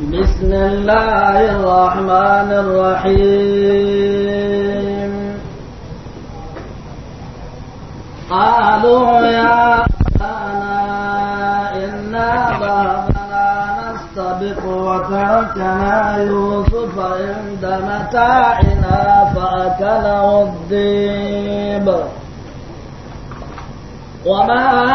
بسم الله الرحمن الرحيم قالوا يا أنا إنا ذهبنا نستبق وتركنا يوسف عند متاعنا فأكله الذئب وما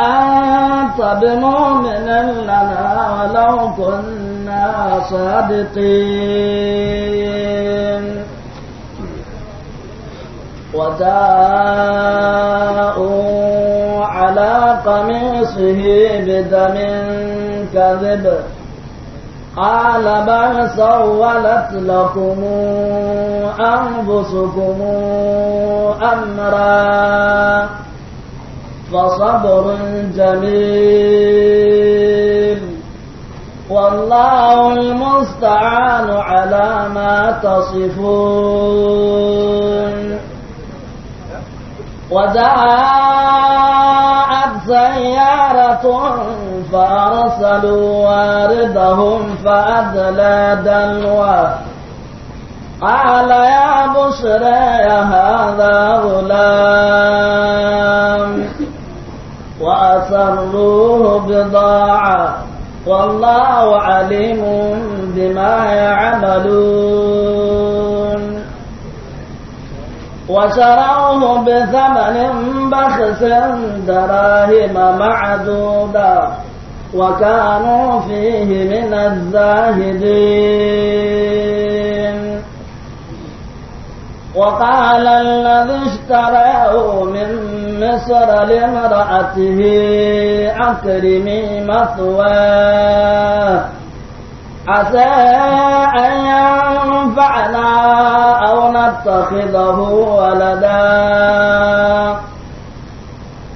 أنت بمؤمن لنا ولو كنا صادقين وجاءوا على قميصه بدم كذب قال بل سولت لكم أنفسكم أمرا فصبر جميل والله المستعان على ما تصفون وجاءت سيارة فأرسلوا واردهم فأدلى دلوى قال يا بشرى هذا غلام وأسروه بضاعة والله عليم بما يعملون وشروه بثمن بخس دراهم معدودة وكانوا فيه من الزاهدين وقال الذي اشتراه من مصر لامرأته أكرمي مثواه عسى أن ينفعنا أو نتخذه ولدا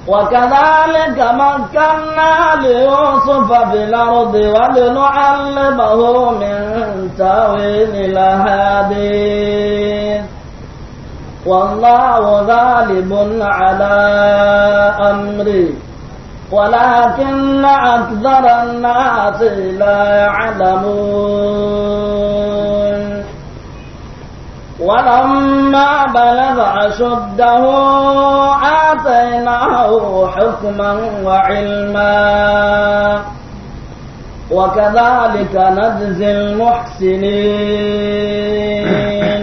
وكذلك مكنا ليوسف في الأرض ولنعلمه من تاويل الأحاديث والله غالب على أمري ولكن أكثر الناس لا يعلمون ولما بلغ أشده آتيناه حكما وعلما وكذلك نجزي المحسنين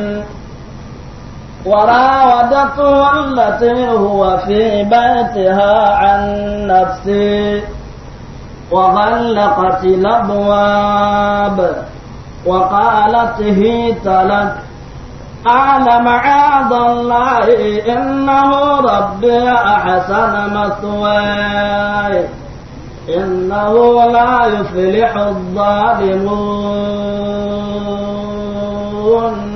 وراودته التي هو في بيتها عن نفسه وغلقت الابواب وقالت هيت لك قال معاذ الله انه ربي احسن مثواي انه لا يفلح الظالمون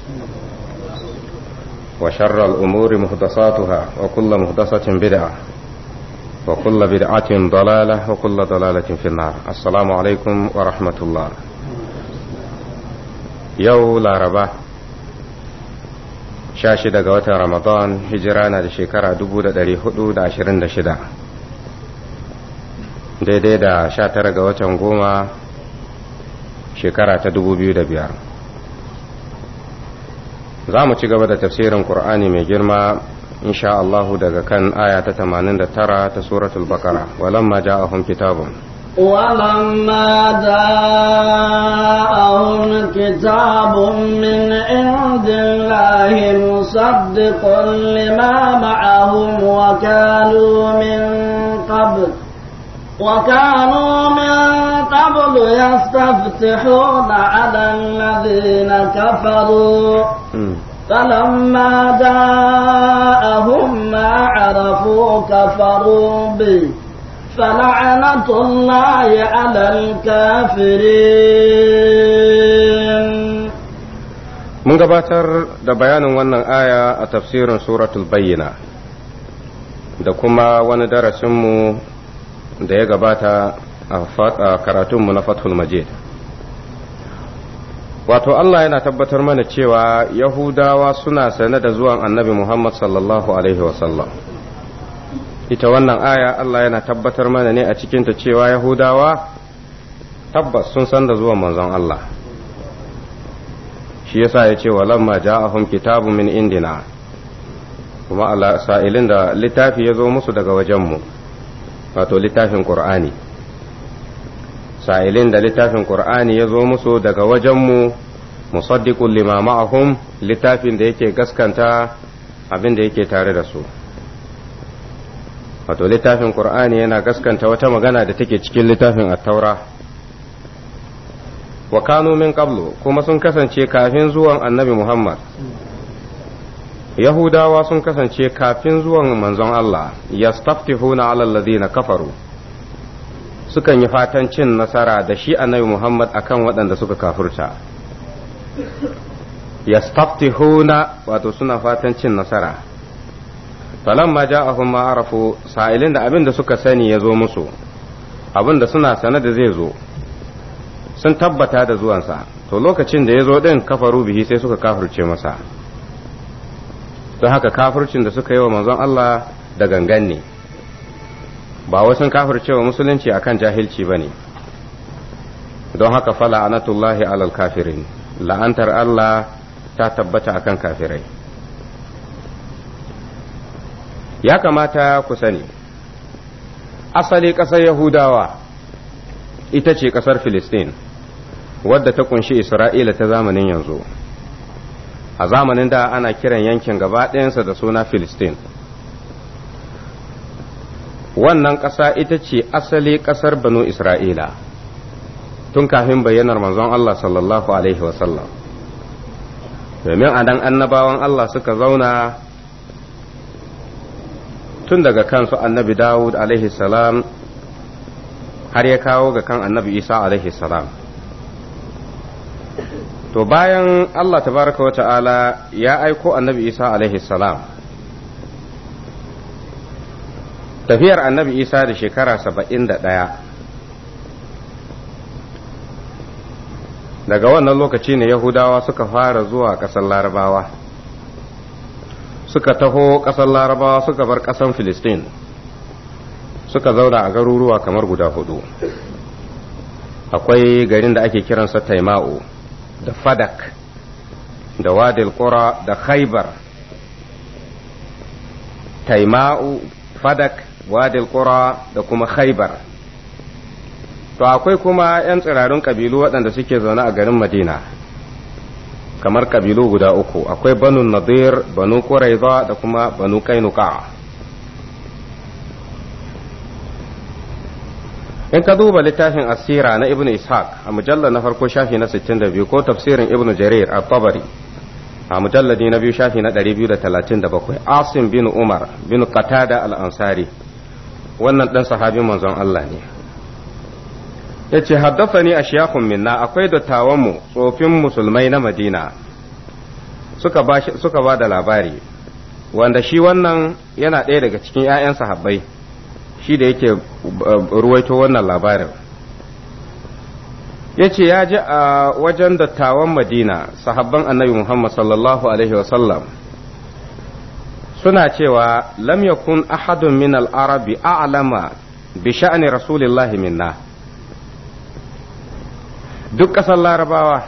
وشر الأمور محدثاتها وكل محدثة بدعة وكل بدعة ضلالة وكل ضلالة في النار السلام عليكم ورحمة الله يو لاربا شاشي دقا وتا رمضان هجرانا لشيكرا دبو دا داري حدو دا عشرين دا شدا دي دي دا شاتر قوة نقوما شيكرا تدبو بيو دا بيار za mu ci gaba da tafsirin ƙur'ani mai girma in daga kan aya ta tamanin da tara ta suratul bakara walamma ja'ahum kitabun walamma ja'ahum kitabun min indillahi musaddiqun lima ma'ahum wa kanu min وكانوا من قبل يستفتحون على الذين كفروا فلما جاءهم ما عرفوا كفروا به فلعنة الله على الكافرين من gabatar دبيان وانا آية تفسير سورة البينة da kuma wani darasinmu da ya gabata a karatunmu na fathul majid wato Allah yana tabbatar mana cewa yahudawa suna sane da zuwan annabi Muhammad sallallahu alaihi wasallam ita wannan aya Allah yana tabbatar mana ne a cikinta cewa yahudawa tabbas sun san da zuwan manzon Allah shi yasa ya ce walamma ja'ahum kitabun min indina kuma ala sa'ilin da littafi ya zo musu daga wajenmu mu wato littafin qur'ani sa'ilin da littafin qur'ani ya zo musu daga wajenmu musaddiqul lima ma'ahum littafin da yake gaskanta abin da yake tare da su wato littafin qur'ani yana gaskanta wata magana da take cikin littafin at-taura wa kanu min qablu kuma sun kasance kafin zuwan annabi muhammad yahudawa sun kasance kafin zuwan manzon Allah ya huna alal na kafaru sukan yi fatan cin nasara da shi annabi Muhammad akan waɗanda suka kafurta huna wato suna fatan cin nasara falamma ja'ahum ma arafu sa'ilin da abin da suka sani ya zo musu abin da suna sane da zai zo sun tabbata da zuwansa to lokacin da ya zo din kafaru bihi sai suka kafurce masa don haka kafircin da suka yi wa manzon Allah da gangan ne ba wasu kafirce kafircewa musulunci akan jahilci ba ne don haka fala anatullahi alal kafirin la'antar Allah ta tabbata akan kafirai ya kamata ku sani asali ƙasar yahudawa ita ce ƙasar filistin wadda ta kunshi isra'ila ta zamanin yanzu a zamanin da ana kiran yankin gaba ɗayansa da suna Filistin. Wannan ƙasa ita ce asali ƙasar Banu Isra'ila tun kafin bayyanar manzon Allah sallallahu Alaihi wasallam. Domin adan annabawan Allah suka zauna tun daga kansu annabi Dawud alaihi salam har ya kawo ga kan annabi Isa alaihi salam. to bayan Allah tabaraka wa ta'ala ya aiko annabi Isa alaihi salam tafiyar annabi Isa da shekara saba'in da ɗaya daga wannan lokaci ne Yahudawa suka fara zuwa ƙasar larabawa suka taho ƙasar larabawa suka bar ƙasar Filistin suka zauna a garuruwa kamar guda hudu akwai garin da ake kiransa taima'u da fadak da wadil qura da khaybar taima'u fadak wadil qura da kuma khaibar to akwai kuma 'yan tsirarun ƙabilu waɗanda suke zaune a garin madina kamar kabilu guda uku akwai banu nadir banu quraiza da kuma banu kainuka in ka duba littafin asira na ibnu ishaq a mujallar na farko shafi na 62 ko tafsirin ibnu jarir a tabari a mujalladi na biyu shafi na 237 asim bin umar bin qatada al-ansari wannan dan sahabin manzon Allah ne yace haddathani ashyaqun minna akwai dattawan mu tsofin musulmai na Madina suka ba suka ba da labari wanda shi wannan yana ɗaya daga cikin 'ya'yan sahabbai shi da yake eh, ruwaito wannan labarin ya ce ya ji a wajen dattawan madina sahabban annabi muhammad sallallahu alaihi wasallam suna cewa lam yakun ahadun min al'arabi arabi a'lama bi sha'ani rasulillahi minna duk ƙasar larabawa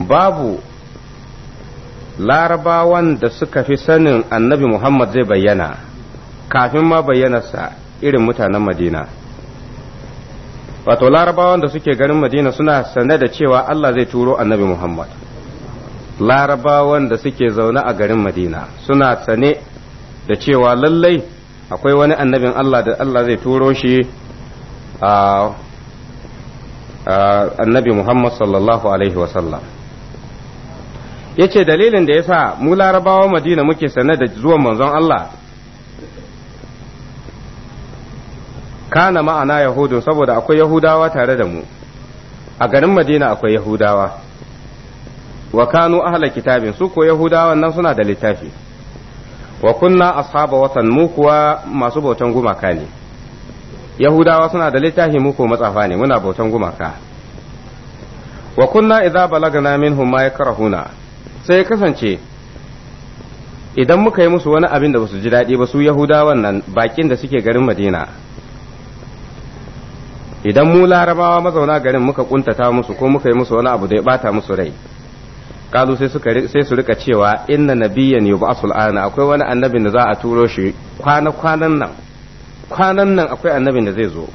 babu larabawan da suka fi sanin annabi muhammad zai bayyana kafin ma bayyanarsa irin mutanen madina wato larabawan da suke garin madina suna sane da cewa allah zai turo annabi muhammad larabawan da suke zaune a garin madina suna sane da cewa lallai akwai wani annabin allah da allah zai turo shi a annabi muhammad sallallahu alaihi wasallam yace dalilin da yasa mu larabawa madina muke sanar da zuwan manzon Allah kana ma'ana Yahudu saboda akwai yahudawa tare da mu a garin madina akwai yahudawa wa kanu ahla kitabin su ko yahudawan nan suna da littafi wa kunna ashabu watan mu kuwa masu bautan gumaka ne yahudawa suna da littafi mu ko matsafa ne muna bautan gumaka wa kunna idza balagna minhum ma yakrahuna sai ya kasance idan muka yi musu wani abin da basu ji daɗi ba su yahudawan nan bakin da suke garin madina idan mu larabawa mazauna garin muka kuntata musu ko muka yi musu wani abu da ya bata musu rai kalu sai su rika cewa inna nabiyyan yub'asul ana akwai wani annabin da za a turo shi kwana kwanan nan kwanan nan akwai annabin da zai zo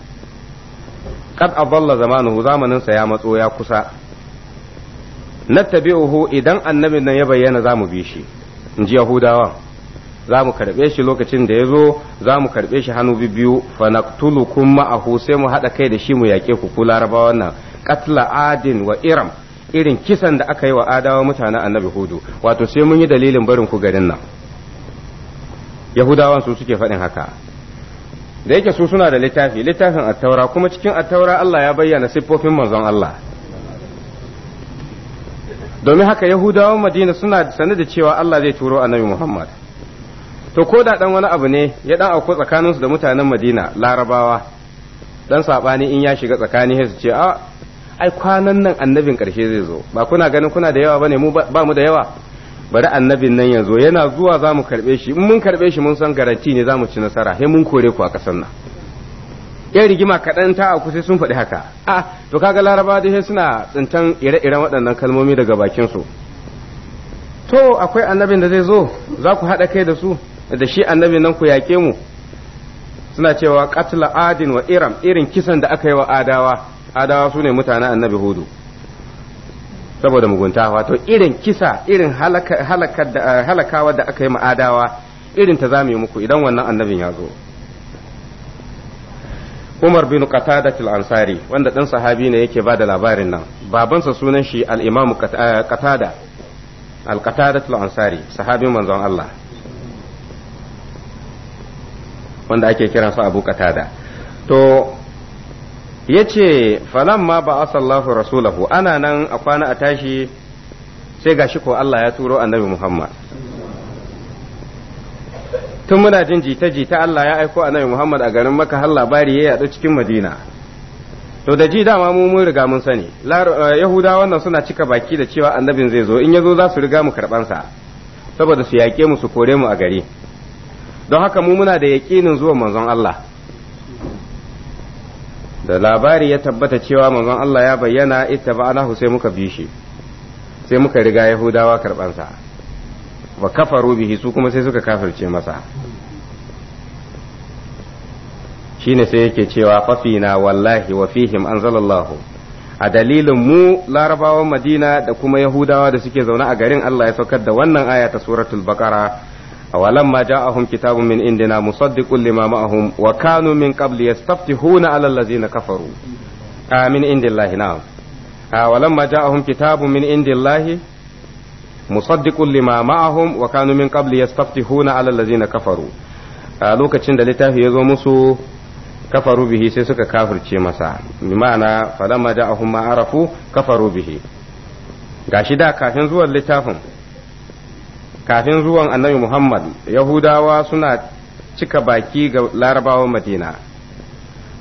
kad aballa zamanu zamanin sa ya matso ya kusa nattabi'uhu idan annabin nan ya bayyana zamu bi shi in ji yahudawa za mu karɓe shi lokacin da ya zo za mu karɓe shi hannu biyu fa ma ma'ahu sai mu haɗa kai da shi mu yaƙe ku ku larabawan nan qatla adin wa iram irin kisan da aka yi wa adawa mutanen annabi hudu wato sai mun yi dalilin barin ku garin nan yahudawan su suke faɗin haka da yake su suna da littafi littafin attaura kuma cikin attaura Allah ya bayyana siffofin manzon Allah domin haka yahudawan madina suna sane da cewa Allah zai turo annabi Muhammad to ko da dan wani abu ne ya dan auku su da mutanen madina larabawa dan sabani in ya shiga tsakani sai su ce a ai kwanan nan annabin karshe zai zo ba kuna ganin kuna da yawa bane mu ba mu da yawa bari annabin nan yanzu yana zuwa za mu karɓe shi in mun karɓe shi mun san garanti ne za mu ci nasara sai mun kore ku a kasan nan yan rigima kaɗan ta a sai sun faɗi haka a to kaga laraba da shi suna tsintan ire-iren waɗannan kalmomi daga bakin su to akwai annabin da zai zo za ku haɗa kai da su da shi annabin nan ku yaƙe mu suna cewa qatla adin wa iram irin kisan da aka yi wa adawa adawa su ne mutanen annabi hudu saboda mugunta wato irin kisa irin halakawa da aka yi ma adawa irin ta zamu mu yi muku idan wannan annabin ya zo Umar bin Qatadat al-Ansari wanda ɗan sahabi ne yake bada labarin nan babansa sunan shi al-Imam eh, Qatada al-Qatadat al-Ansari sahabin manzon Allah wanda ake kiran sa Abu Qatada to yace ma ba'atha Allahu rasulahu ana nan a kwana a tashi sai gashi ko Allah ya turo Annabi Muhammad tun muna jin jita-jita Allah ya aiko annabi Muhammad a garin maka har labari ya yaɗu cikin Madina to da ji dama mu mun riga mun sani eh, Yahuda wannan suna cika baki da cewa annabin zai zo in ya zo za su riga mu karɓan saboda su yaƙe mu su kore mu a gari don haka mu muna da yaƙinin zuwa manzon Allah da labari ya tabbata cewa manzon Allah ya bayyana ita ba sai muka bi shi sai muka riga Yahudawa karɓansa wa kafaru bihi su kuma sai suka kafirce masa shine sai yake cewa fafina wallahi wa fihim anzalallahu a dalilin mu larabawan madina da kuma yahudawa da suke zaune a garin Allah ya saukar da wannan aya ta suratul baqara awalamma ja'ahum kitabun min indina musaddiqun lima ma'ahum wa kanu min qabli yastaftihuna 'alal ladzina kafaru amin indillahi na'am awalamma ja'ahum kitabun min indillahi musaddiqul lima ma'ahum wa kanu min qabli yastaftihuna 'ala allazina kafaru lokacin da littafi ya zo musu kafaru bihi sai suka kafirce masa ma'ana falamma ja'ahum ma arafu kafaru bihi gashi da kafin zuwan littafin kafin zuwan annabi Muhammad Yahudawa suna cika baki ga larabawan Madina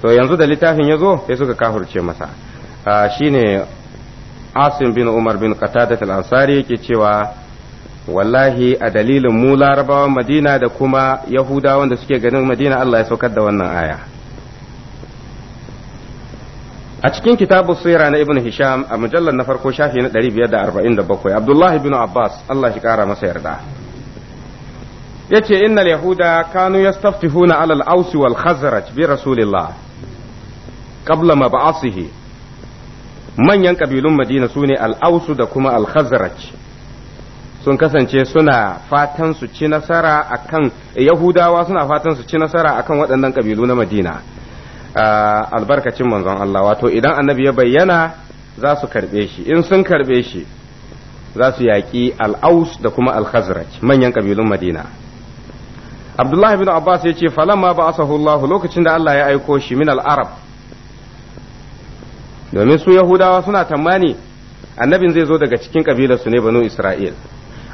to yanzu da littafin ya zo sai suka kafirce masa shine asim bin umar bin qatadat al-ansari yake cewa wallahi a dalilin mu larabawan madina da kuma Yahuda da suke ganin madina Allah ya saukar da wannan aya a cikin kitabu sira na ibn hisham a mujallar na farko shafi na 547 abdullahi bin abbas Allah shi kara masa yarda yace innal yahuda kanu huna alal ausi wal khazraj bi rasulillah qabla mab'athihi manyan kabilun madina su ne al'ausu da kuma al sun kasance suna fatan su ci nasara akan yahudawa suna fatan su ci nasara akan waɗannan kabilu na madina ah, albarkacin manzon Allah wato idan annabi ya bayyana za su karɓe shi in sun karɓe shi za su yaƙi al'aus da kuma al-khazraj manyan kabilun madina abdullahi bin abbas ya ce falamma ba asahu lokacin da Allah ya aiko shi min al-arab domin su yahudawa suna tamani annabin zai zo daga cikin su ne banu isra'il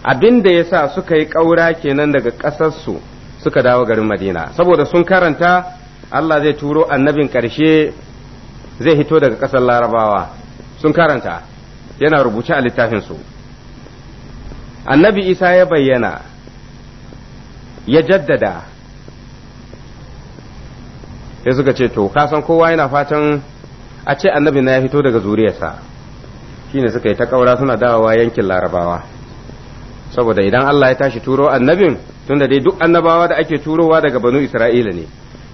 abin da ya sa suka yi ƙaura kenan daga ƙasarsu suka dawo garin madina saboda sun karanta allah zai turo annabin ƙarshe zai hito daga ƙasar larabawa sun karanta yana rubuce a su annabi isa ya bayyana ya jaddada sai suka ce to kasan kowa yana fatan a ce annabi na ya fito daga zuriyarsa shi shine suka yi ta kaura suna dawowa yankin larabawa saboda idan Allah ya tashi turo annabin da dai duk annabawa da ake turowa daga banu isra'ila ne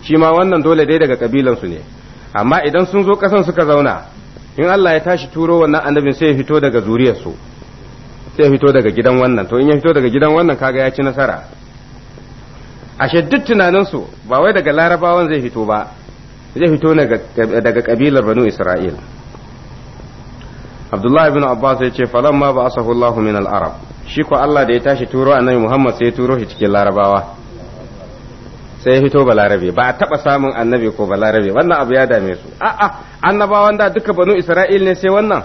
shi ma wannan dole dai daga kabilansu ne amma idan sun zo kasan suka zauna in Allah ya tashi turo wannan annabin sai ya fito daga zuriyarsu sai ya fito daga gidan wannan to in ya fito daga gidan wannan kaga ya ci nasara ashe duk tunaninsu ba wai daga larabawan zai fito ba zai fito daga kabilar banu isra'il abdullahi ibn abbas ya ce falamma ba asahu allah min al-arab shi ko allah da ya tashi turo annabi muhammad sai ya turo shi cikin larabawa sai ya fito balarabe ba a taba samun annabi ko balarabe wannan abu ya dame su a'a annabawan da duka banu isra'il ne sai wannan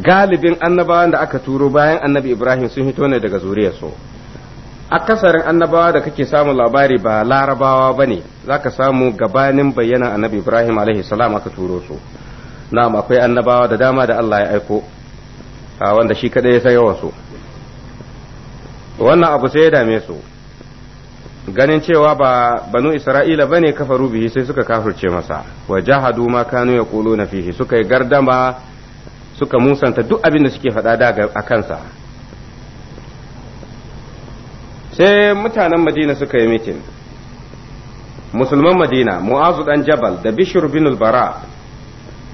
galibin annabawan da aka turo bayan annabi ibrahim sun fito ne daga zuriyarsu akasarin annabawa da kake samun labari ba larabawa ba ne za samu gabanin bayyana annabi ibrahim alaihi salam aka turo su na akwai annabawa da dama da allah ya aiko wanda shi kadai ya san su wannan abu sai ya dame su ganin cewa ba banu isra'ila ba ne kafaru bihi sai suka kafirce masa wa jahadu ma kanu ya na fihi suka yi gardama suka musanta duk abin da suke faɗa daga a kansa sai mutanen madina suka yi mitin musulman madina mu'azu dan jabal da bishir bin bara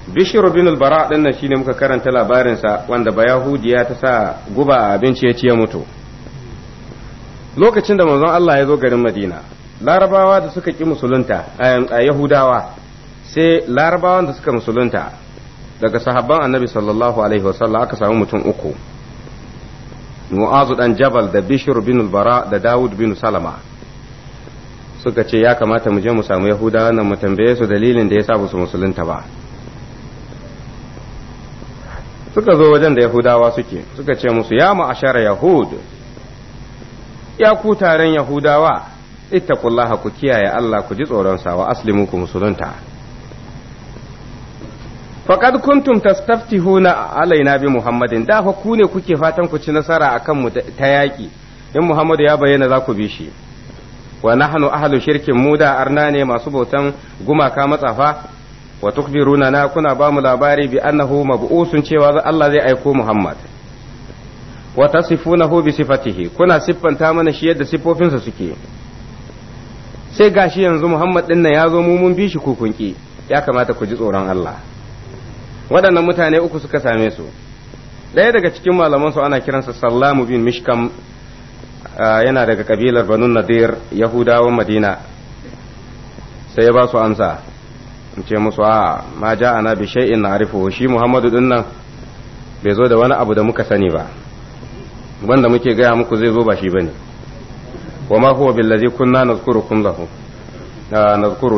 bishir bin bara din nan shine muka karanta labarin sa wanda yahudiya ta sa guba a abinci ya ci ya mutu lokacin da manzon Allah ya zo garin madina larabawa da suka ki musulunta a yahudawa sai larabawan da suka musulunta daga sahabban annabi sallallahu alaihi wasallam aka samu mutum uku mu'azu dan jabal da bishr bin bara da dawud bin salama suka ce ya kamata mu je mu samu yahudawa nan mu tambaye su dalilin da ya sa su musulunta ba suka zo wajen da yahudawa suke suka ce musu ya ma'ashara yahud ya ku taren yahudawa ittaqullaha ku kiyaye Allah ku ji tsoron sa wa aslimu ku musulunta faqad kuntum tastaftihuna alaina bi muhammadin da fa ku ne kuke fatan ku ci nasara akan mu ta yaki in muhammadu ya bayyana za ku bi shi wa nahnu ahlu shirkin mu da arna ne masu bautan gumaka matsafa wa tukbiruna na kuna ba mu labari bi annahu mab'usun cewa Allah zai aiko muhammad wa tasifunahu bi sifatihi kuna siffanta mana shi yadda siffofinsa suke sai gashi yanzu muhammad din nan ya zo mu mun bi shi kukunki ya kamata ku ji tsoron Allah waɗannan mutane uku suka same su ɗaya daga cikin malaman su ana kiransa sallamu bin mishkam yana daga kabilar banu nadir yahudawan madina sai ya ba su amsa in ce musu a ma ja ana bi sha'in na arifu shi muhammadu din nan bai zo da wani abu da muka sani ba wanda muke gaya muku zai zo ba shi bane wa ma huwa billazi kunna nazkuru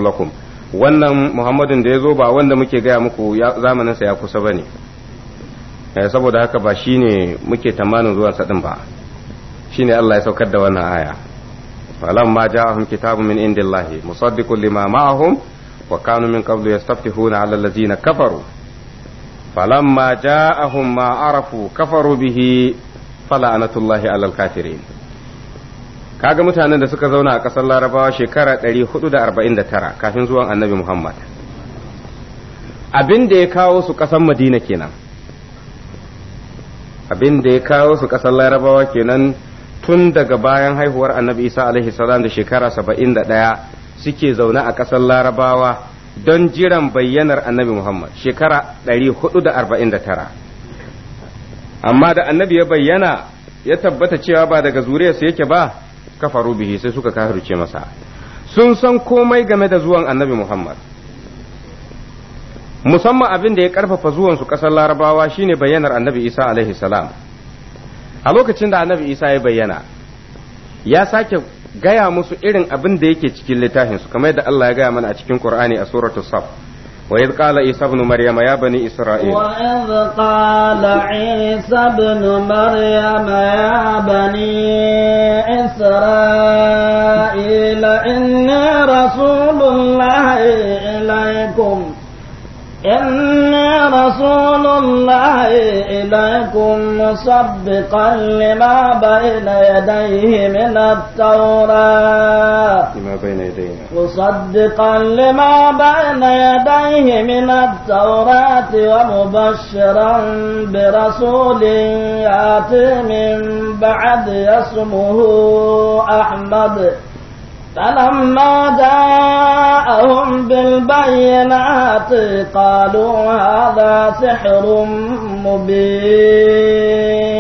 lakum wannan muhammadin da ya zo ba wanda muke gaya muku zamaninsa ya kusa ba ne eh, saboda haka ba shi ne muke tamanin zuwan saɗin ba shi ne Allah ya saukar da wannan aya falan ma ja'ahum kitabun min indillahi musaddiku lima ma'ahum wa kanu min qablu yastaftihuna 'ala allazina kafaru falamma ja'ahum ma arafu kafaru bihi fala'anatullahi 'alal kafirin kaga mutanen da suka zauna a ƙasar larabawa shekara 449 kafin zuwan annabi muhammad abin da ya kawo su ƙasar madina kenan abin da ya kawo su ƙasar larabawa kenan tun daga bayan haihuwar annabi isa alaihi salam da shekara 71 suke zaune a ƙasar larabawa don jiran bayyanar annabi muhammad shekara 449 amma da annabi ya bayyana ya tabbata cewa ba daga zuriyarsa yake ba kafaru bihi sai suka kafirce masa sun san komai game da zuwan annabi Muhammad musamman abin da ya karfafa zuwansu kasar larabawa shine bayyanar annabi isa alaihi salam a lokacin da annabi isa ya bayyana ya sake gaya musu irin abin da yake cikin littafinsu kamar yadda allah ya gaya mana a cikin qur'ani a suratul saf وإذ قال عيسى بن مريم يا بني إسرائيل وإذ قال عيسى بن مريم يا بني إسرائيل إني رسول الله إليكم إن رسول الله إليكم مصدقا لما بين يديه من التوراة لما بين يديه مصدقا لما بين يديه من التوراة ومبشرا برسول يأتي من بعد اسمه أحمد فلما جاءهم بالبينات قالوا هذا سحر مبين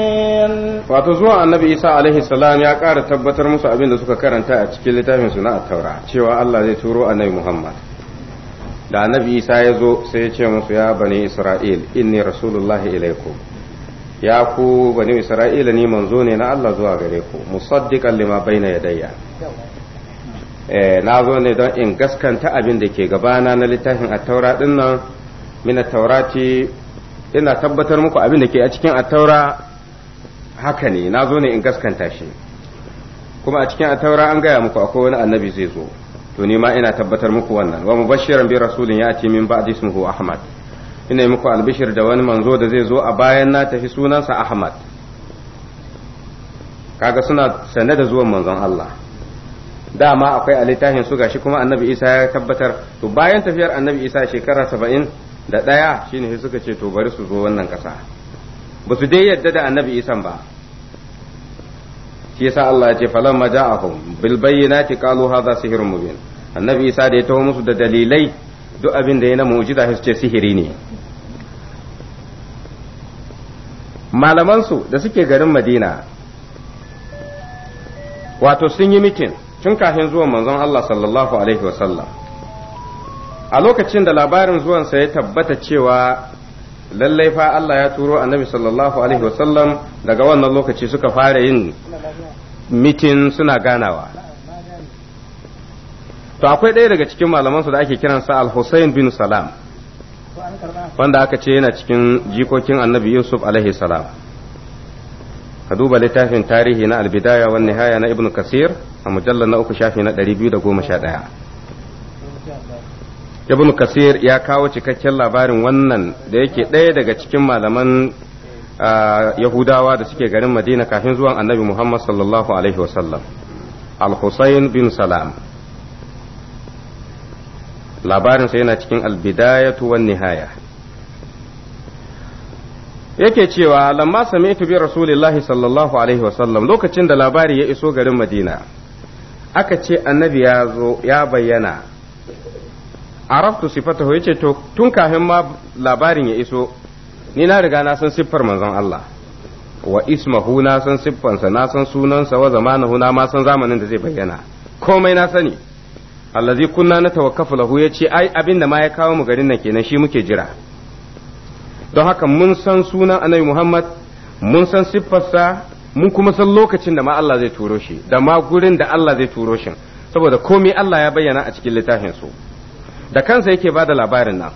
wato zuwa annabi isa alaihi salam ya ƙara tabbatar musu abin da suka karanta a cikin littafin su na taura cewa allah zai turo annabi muhammad da annabi isa ya zo sai ya ce musu ya bani isra'il inni rasulullahi ilaikum ya ku bani isra'ila ni manzo ne na allah zuwa gare ku musaddiqan lima bayna yadayya Eh, na zo ne don in gaskanta abin da ke gabana na littafin attaura din nan mina taurati ina tabbatar muku abin da ke a cikin attaura haka ne na zo ne in gaskanta shi kuma a cikin attaura an gaya muku akwai wani annabi zai zo to ni ma ina tabbatar muku wannan wa mubashiran bi rasulin ya ce min ba'di ismuhu ahmad ina yi muku albishir da wani manzo da zai zo a bayan na tafi sunansa ahmad kaga suna sane da zuwan manzon Allah dama akwai a littafin su gashi kuma annabi isa ya tabbatar to bayan tafiyar annabi isa shekara saba'in da ɗaya shine sai suka ce to bari su zo wannan kasa ba su dai yadda da annabi Isa ba shi yasa Allah ya ce falamma ja'ahum bil bayyinati qalu hadha sihrun mubin annabi isa da ya taho musu da dalilai duk abin da ya na mu'jiza su ce sihiri ne malaman su da suke garin madina wato sun yi mitin tun kafin zuwan manzon Allah sallallahu alaihi wasallam a lokacin da labarin zuwansa ya tabbata cewa lallai fa Allah ya turo annabi sallallahu alaihi wasallam daga wannan lokaci suka fara yin mitin suna ganawa to akwai ɗaya daga cikin malamansu da ake kiransa al-Husayn bin Salam wanda aka ce yana cikin jikokin annabi Yusuf alaihi salam ka duba littafin tarihi na al wani haya Nihaya na Ibn Kasir a mujallar na uku shafi na ɗari biyu da goma sha ɗaya ibn kasir ya kawo cikakken labarin wannan da yake ɗaya daga cikin malaman yahudawa da suke garin madina kafin zuwan annabi muhammad sallallahu alaihi wasallam al-husayn bin salam labarin sa yana cikin albidayatu wan nihaya yake cewa lamma sami'tu bi rasulillahi sallallahu alaihi wasallam lokacin da labari ya iso garin madina aka ce annabi ya zo ya bayyana araftu sifatahu yace to tun kafin ma labarin ya iso ni na riga na san siffar manzon Allah wa ismahu na san siffansa na san sunansa wa zamanahu na ma san zamanin da zai bayyana komai na sani allazi kunna na tawakkafu lahu yace ai abinda ma ya kawo mu garin nan kenan shi muke jira don haka mun san sunan annabi Muhammad mun san siffarsa mun kuma san lokacin da ma Allah zai turo shi da ma gurin da Allah zai turo shi saboda komai Allah ya bayyana a cikin littafin su da kansa yake bada labarin nan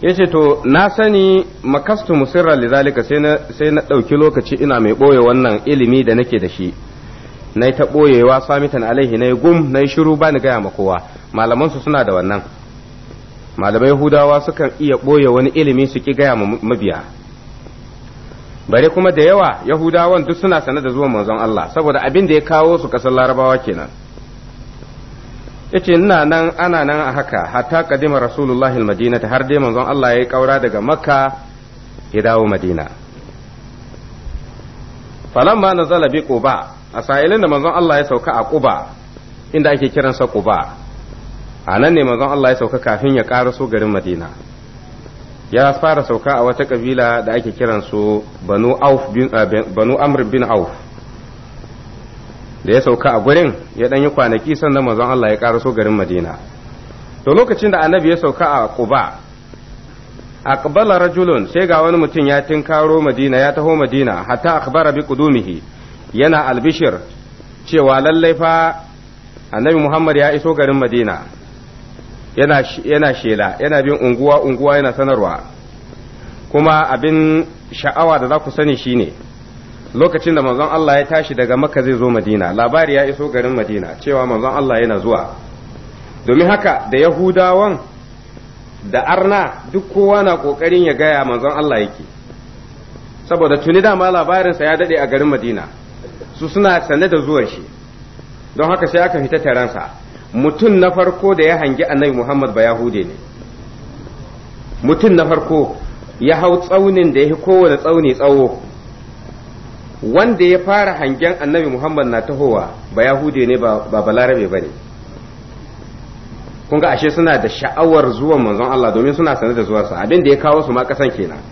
yace to na sani makastu musirra lidhalika sai na sai na dauki lokaci ina mai boye wannan ilimi da nake da shi na ta ɓoyewa samitan alaihi na gum na yi shiru bani ni gaya ma kowa malamansu suna da wannan malamai hudawa sukan iya ɓoye wani ilimi su ki gaya ma mabiya bare kuma da yawa yahudawan duk suna sane da zuwan manzon Allah saboda abin da ya kawo su kasar larabawa kenan yace ina nan ana nan a haka hatta kadima rasulullahi almadinata har dai manzon Allah ya kaura daga makka ya dawo madina falamma nazala bi quba a sa'ilin da manzon Allah ya sauka a quba inda ake kiransa quba anan ne manzon Allah ya sauka kafin ya karaso garin madina ya fara sauka a wata kabila da ake kiran su auf eh, bin banu amr bin auf da ya sauka a gurin ya dan yi kwanaki sannan manzon Allah ya karaso garin Madina to lokacin da annabi ya sauka a Quba aqbala rajulun sai ga wani mutum ya tinkaro Madina ya taho Madina hatta akhbara bi qudumihi yana albishir cewa lallai fa annabi Muhammad ya iso garin Madina yana shela yana bin unguwa unguwa yana sanarwa kuma abin sha'awa da za ku sani shine lokacin da manzon Allah ya tashi daga makka zai zo madina labari ya iso garin madina cewa manzon Allah yana zuwa domin haka da yahudawan da arna duk kowa na kokarin ya gaya manzon Allah yake saboda tuni dama labarinsa ya dade a garin madina su suna sane da zuwan shi don haka sai aka fita taransa mutum na farko da ya hangi annabi Muhammad ba Yahude ne mutum na farko ya hau tsaunin da ya fi kowane tsauni tsawo wanda ya fara hangen annabi Muhammad na tahowa ba Yahude ne ba balarabe ba ne kun ga ashe suna da sha'awar zuwan manzon Allah domin suna sanar da zuwarsa abin ya kawo su ma kasan kenan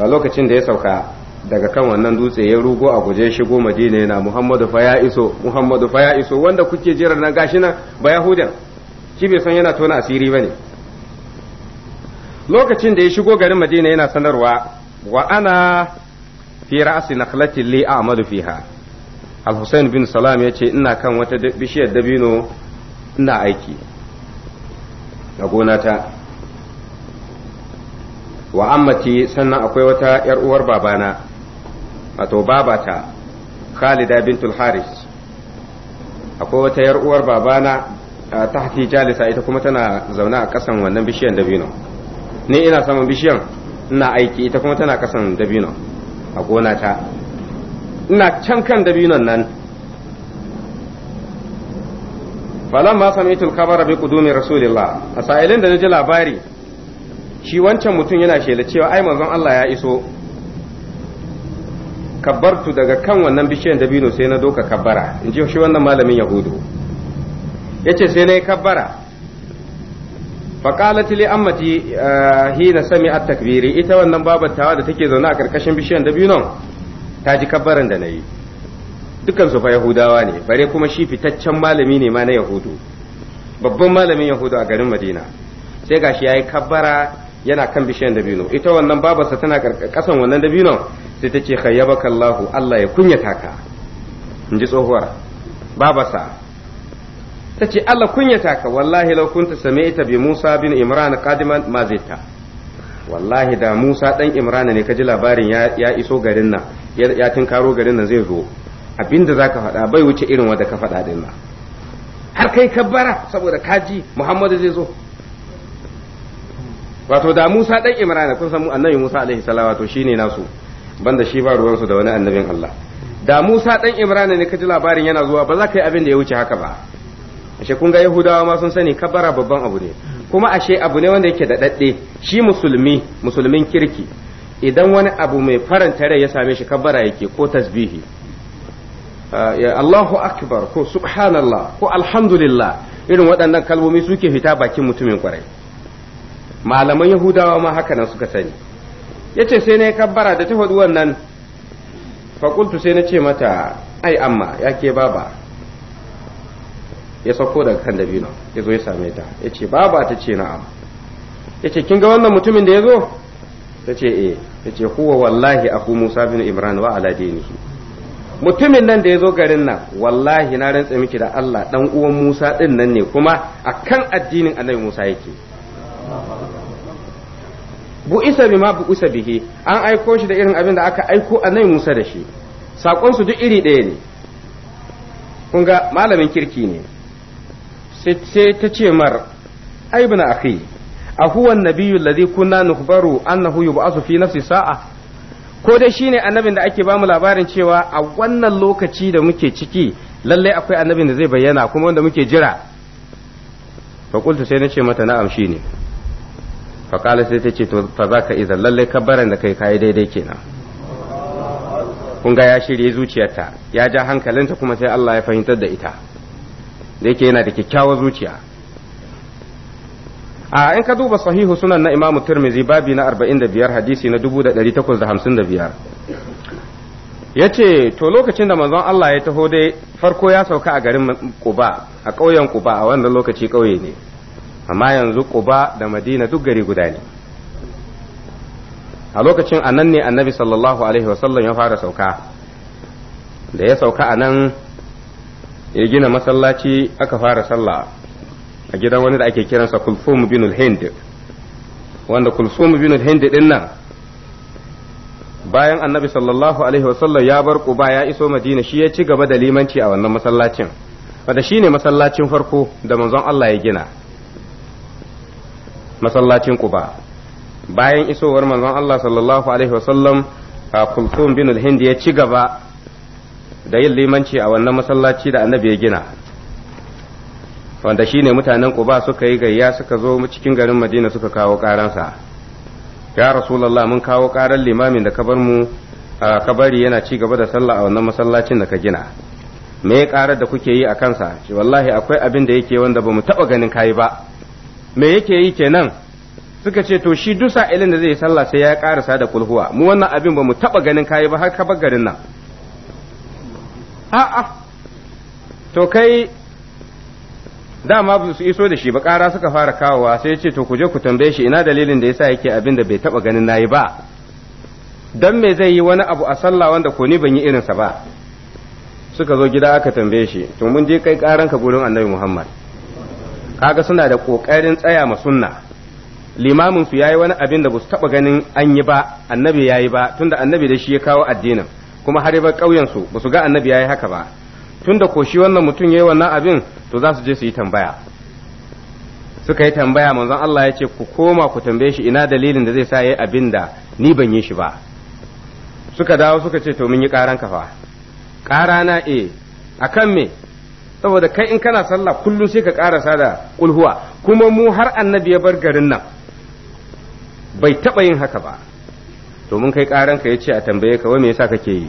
a lokacin da ya sauka daga kan wannan dutse ya rugo a guje shigo madina yana muhammadu fa ya iso muhammadu fa ya iso wanda kuke jiran na gashi na ba yahudan shi bai san yana tona asiri bane lokacin da ya shigo garin madina yana sanarwa wa ana fi ra'si nakhlatin li a'malu fiha al-husayn bin salam ya ce ina kan wata bishiyar dabino ina aiki a gonata wa ammati sannan akwai wata yar uwar babana wato babata khalida bintul harith akwai wata yar uwar babana ta jalisa ita kuma tana zaune a kasan wannan bishiyan dabino ni ina saman bishiyan ina aiki ita kuma tana kasan dabino a gona ta ina can kan dabinon nan ma sami'tu al-khabara bi qudumi rasulillah a sa'ilin da na ji labari shi wancan mutum yana shela cewa ai manzon Allah ya iso kabbartu daga kan wannan bishiyar dabino sai na doka kabbara in ji shi wannan malamin yahudu ya ce sai na yi kabbara faƙalat li ammati eh, na sami at takbiri ita wannan babatawa da take zaune a karkashin bishiyar dabinon ta ji kabbaran da na yi dukan su fa yahudawa ne bare kuma shi fitaccen malami ne ma na yahudu babban malamin yahudu a garin madina sai gashi yayi kabbara yana kan bishiyan dabino ita wannan babarsa tana kasan wannan dabino sai ta ce khayyabaka Allahu Allah ya kunyata ka in ji tsohuwar babarsa ta ce Allah kunyata ka wallahi law kunta sami'ta bi Musa bin Imran qadiman ma zaita wallahi da Musa dan Imrana ne ka ji labarin ya, iso garin nan ya, karo garin nan zai zo abinda zaka faɗa bai wuce irin wanda ka faɗa din nan har kai kabbara saboda kaji Muhammadu zai zo wato da Musa dan Imran kun san annabi Musa alaihi wa wato shine nasu banda shi ba ruwansu da wani annabin Allah da Musa dan Imran ne ka ji labarin yana zuwa ba za ka yi abin da ya wuce haka ba ashe kun ga Yahudawa ma sun sani kabara babban abu ne kuma ashe abu ne wanda yake da dadde shi musulmi musulmin kirki idan wani abu mai faranta rai ya same shi kabara yake ko tasbihi ah, Allahu akbar ko subhanallah ko alhamdulillah irin waɗannan kalmomi suke fita bakin mutumin kwarai malaman yahudawa ma haka nan suka sani yace sai na yi kabbara da ta faɗi wannan fakultu sai na ce mata ai amma ya ke baba ya sauko daga kan dabino ya zo ya same ta ya ce baba ta ce na'am ya ce kin ga wannan mutumin da ya zo ta ce eh ta ce huwa wallahi aku musa bin imran wa ala dinihi mutumin nan da ya zo garin nan wallahi na rantsa miki da Allah dan uwan Musa din nan ne kuma akan addinin Annabi Musa yake bu isa ma bu isa bihi an aiko shi da irin abin da aka aiko a annabi Musa da shi sakon su duk iri ɗaya ne kun ga malamin kirki ne sai ta ce mar ai bin akhi a huwa nabiyyu alladhi kunna nukhbaru annahu yub'athu fi nafsi sa'a ko dai shine annabin da ake bamu labarin cewa a wannan lokaci da muke ciki lallai akwai annabin da zai bayyana kuma wanda muke jira fa sai na ce mata na'am shine ne faƙala sai ta ce to fa za ka iza lallai kabbaran da kai kayi daidai kenan kun ga ya shirye zuciyarta ya ja hankalinta kuma sai Allah ya fahimtar da ita da yake yana da kyakkyawar zuciya a in ka duba sahihu sunan na Imam Turmizi babi na 45 hadisi na 1855 ya ce to lokacin da manzon Allah ya taho dai farko ya sauka a garin Quba a ƙauyen Quba a wannan lokaci ƙauye ne amma yanzu Quba da Madina duk gari guda ne a lokacin anan ne annabi sallallahu alaihi wasallam ya fara sauka da ya sauka a nan ya gina masallaci aka fara sallah a gidan wani da ake kiransa kulfum bin Hind wanda kulfum bin Hind din nan bayan annabi sallallahu alaihi wasallam ya bar Quba ya iso Madina shi ya ci gaba da limanci a wannan masallacin wanda ne masallacin farko da manzon Allah ya gina masallacin Quba bayan isowar manzon Allah sallallahu alaihi wasallam Kulthum bin al-Hind ya ci gaba da yin limanci a wannan masallaci da annabi ya gina wanda shine mutanen Quba suka yi gayya suka zo cikin garin Madina suka kawo karansa ya rasulullah mun kawo karar limamin da ka bar mu kabari yana ci gaba da sallah a wannan masallacin da ka gina me ya karar da kuke yi a kansa wallahi akwai abin da yake wanda bamu taba ganin kayi ba me yake yi kenan suka ce to shi dusa ilin da zai sallah sai ya karasa da kulhuwa mu wannan abin ba mu taba ganin kayi ba har ka bar garin nan a'a to kai dama ba su iso da shi ba kara suka fara kawowa sai ce to ku je ku tambaye shi ina dalilin da yasa yake abin da bai taba ganin nayi ba dan me zai yi wani abu a sallah wanda ko ni ban yi irinsa ba suka zo gida aka tambaye shi to mun je kai karanka gurin annabi Muhammad kaga suna da kokarin tsaya ma sunna limamin su yayi wani abin da ba su taba ganin an yi ba annabi yayi ba tunda annabi da shi ya kawo addinin kuma har ba kauyen su ba su ga annabi yayi haka ba tunda ko shi wannan mutum yayi wannan abin to za su je su yi tambaya suka yi tambaya manzon Allah ya ce ku koma ku tambaye shi ina dalilin da zai sa yayi abin da ni ban yi shi ba suka dawo suka ce to mun yi karan kafa eh, karana e akan me saboda kai in kana sallah kullum sai ka karasa da kulhuwa kuma mu har annabi ya bar garin nan bai taba yin haka ba to mun kai karan ya ce a tambaye ka wai me yasa kake yi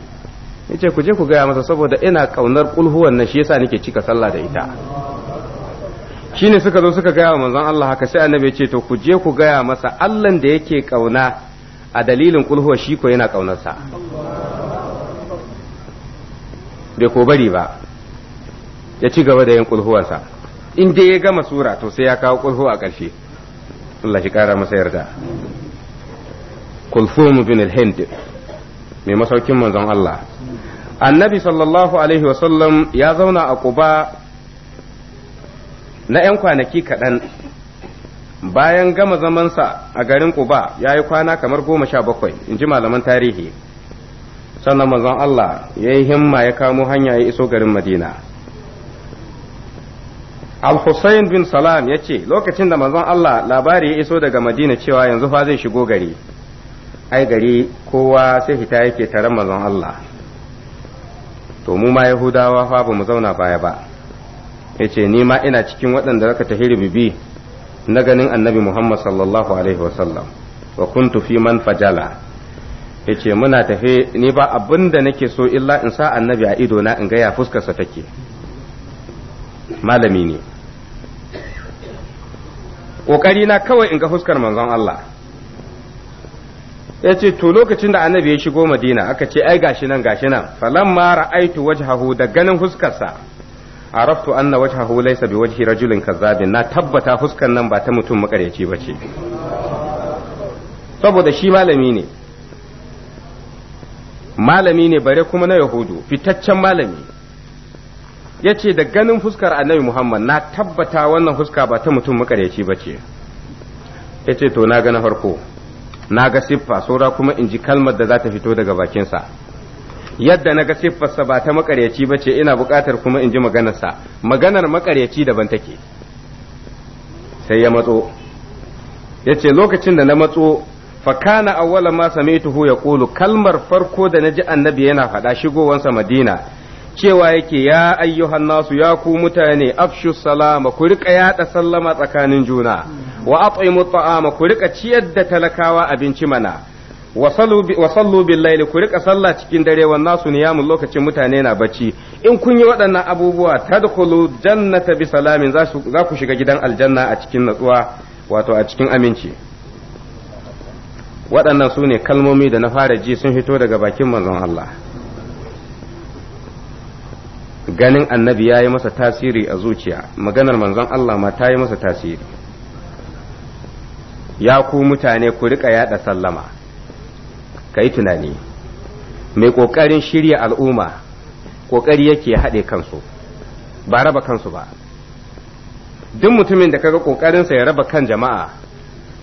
ya ku je ku gaya masa saboda ina kaunar kulhuwan nan shi yasa nake cika sallah da ita Shi ne suka zo suka gaya wa manzon Allah haka sai annabi ya ce to ku je ku gaya masa Allah da yake kauna a dalilin kulhuwa shi ko yana kaunar sa bai ko bari ba ya ci gaba da yin kulhuwarsa in dai ya gama sura to sai ya kawo kulhu a ƙarshe Allah shi ƙara masa yarda kulfum bin al-hind mai masaukin manzon Allah annabi sallallahu alaihi wa sallam ya zauna a kuba na 'yan kwanaki kaɗan bayan gama zamansa a garin kuba ya yi kwana kamar goma sha bakwai in ji malaman tarihi sannan manzon Allah ya yi himma ya kamo hanya ya iso garin madina al hussein bin Salam ya ce lokacin da manzon Allah labari ya iso daga Madina cewa yanzu fa zai shigo gari ai gari kowa sai fita yake taron manzon Allah to mu ma Yahudawa fa ba mu zauna baya ba ce ni ma ina cikin waɗanda zaka tafi bibi na ganin annabi Muhammad sallallahu alaihi wasallam wa kuntu fi man fajala ce muna tafi ni ba abin da nake so illa in sa annabi a idona in gaya ya fuskarsa take malami ne ƙoƙari na kawai in ga fuskar manzon Allah ya ce to lokacin da annabi ya shigo madina aka ce ai gashi nan gashi nan falamma ra'aitu wajhahu da ganin fuskarsa araftu anna wajhahu laysa hira julin rajulin kazzabin na tabbata fuskar nan ba ta mutum makaryaci bace saboda shi malami ne malami ne bare kuma na yahudu fitaccen malami ya ce da ganin fuskar annabi muhammad na tabbata wannan fuska ba ta mutum makaryaci ba ce ya ce to na ga farko na ga siffa saura kuma in ji kalmar da za ta fito daga bakinsa yadda na ga siffarsa ba ta makaryaci ba ce ina buƙatar kuma in ji maganarsa maganar makaryaci daban take sai ya matso ya ce lokacin da na matso fakana awwala ma sami'tuhu kulu kalmar farko da na ji annabi yana faɗa shigowansa madina cewa yake ya ayyuhan nasu ya ku mutane afshu salama ku rika yada sallama tsakanin juna wa at'imu ta'ama ku rika ciyar da talakawa abinci mana wa sallu bil ku rika sallah cikin dare wa nasu niyamun lokacin mutane na bacci in kun yi waɗannan abubuwa tadkhulu jannata bi salamin za ku shiga gidan aljanna a cikin natsuwa wato a cikin aminci waɗannan su ne kalmomi da na fara ji sun fito daga bakin manzon Allah ganin annabi ya yi masa tasiri a zuciya maganar manzon Allah ma ta yi masa tasiri ya ku mutane ku rika yada sallama ka yi tunani mai ƙoƙarin shirya al'umma ƙoƙari yake haɗe kansu ba raba kansu ba duk mutumin da kaga ƙoƙarinsa ya raba kan jama'a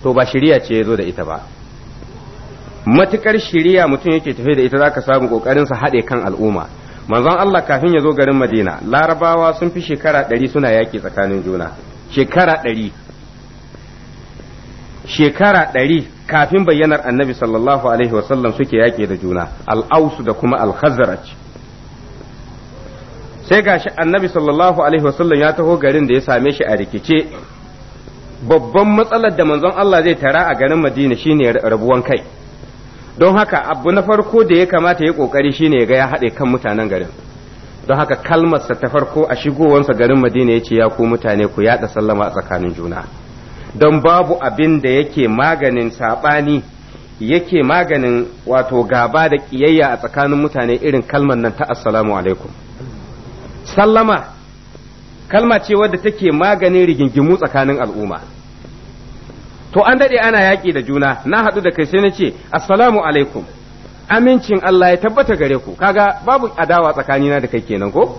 to ba shirya ce ya zo da ita ba matukar shirya mutum yake tafe da ita za ka samu ƙoƙarinsa haɗe kan al'umma manzon Allah kafin ya zo garin Madina larabawa sun fi shekara ɗari suna yaƙi tsakanin juna shekara ɗari shekara ɗari kafin bayyanar annabi sallallahu alaihi wasallam suke yaƙi da juna al al'ausu da kuma al-khazraj sai gashi annabi sallallahu alaihi wasallam ya taho garin da ya same shi a rikice babban matsalar da manzon Allah zai tara a garin Madina shine rabuwan kai don haka abu na farko da ya kamata ya kokari shine ga ya haɗe kan mutanen garin don haka kalmarsa ta farko a shigowansa garin madina ya ce ya ku mutane ku yaɗa sallama a tsakanin juna don babu abin da yake maganin saɓani yake maganin wato gaba da ƙiyayya a tsakanin mutane irin kalmar nan ta assalamu alaikum sallama kalma ce wadda take maganin rigingimu tsakanin al'umma to an daɗe ana yaƙi da juna na haɗu da kai sai na ce assalamu alaikum amincin Allah ya tabbata gare ku kaga babu adawa tsakanina da kai kenan ko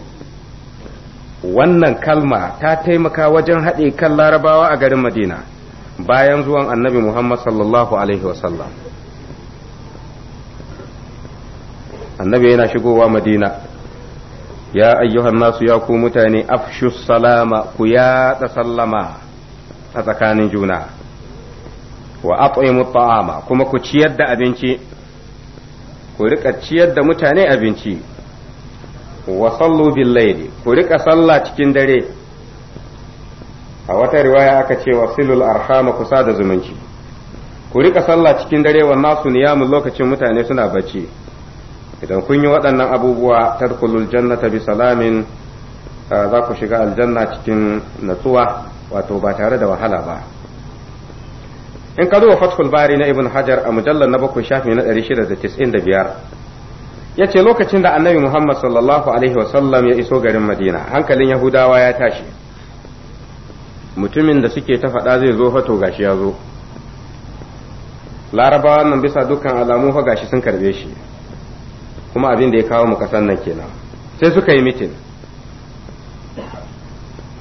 wannan kalma ta taimaka wajen haɗe kan larabawa a garin madina bayan zuwan annabi muhammad sallallahu alaihi wasallam annabi yana shigowa madina ya ayyuhan nasu ya ku mutane afshu salama ku yaɗa sallama a tsakanin juna wa at'imu ta'ama kuma ku ciyar da abinci ku rika ciyar da mutane abinci wa sallu bil layli ku rika sallah cikin dare a wata riwaya aka ce wa silul arhama kusa da zumunci ku rika sallah cikin dare wa nasu niyamun lokacin mutane suna bacci idan kun yi waɗannan abubuwa tadkhulul jannata bi salamin ah, za ku shiga aljanna cikin natsuwa wato ba tare da wahala ba in ka zuwa fathul bari na ibn hajar a mujallar na bakwai shafi na shida da biyar ya ce lokacin da annabi muhammad sallallahu alaihi wasallam ya iso garin madina hankalin yahudawa ya tashi mutumin da suke ta faɗa zai zo fato gashi ya zo larabawa nan bisa dukkan alamu fa gashi sun karbe shi kuma abin da ya kawo mu kasan nan kenan sai suka yi mitin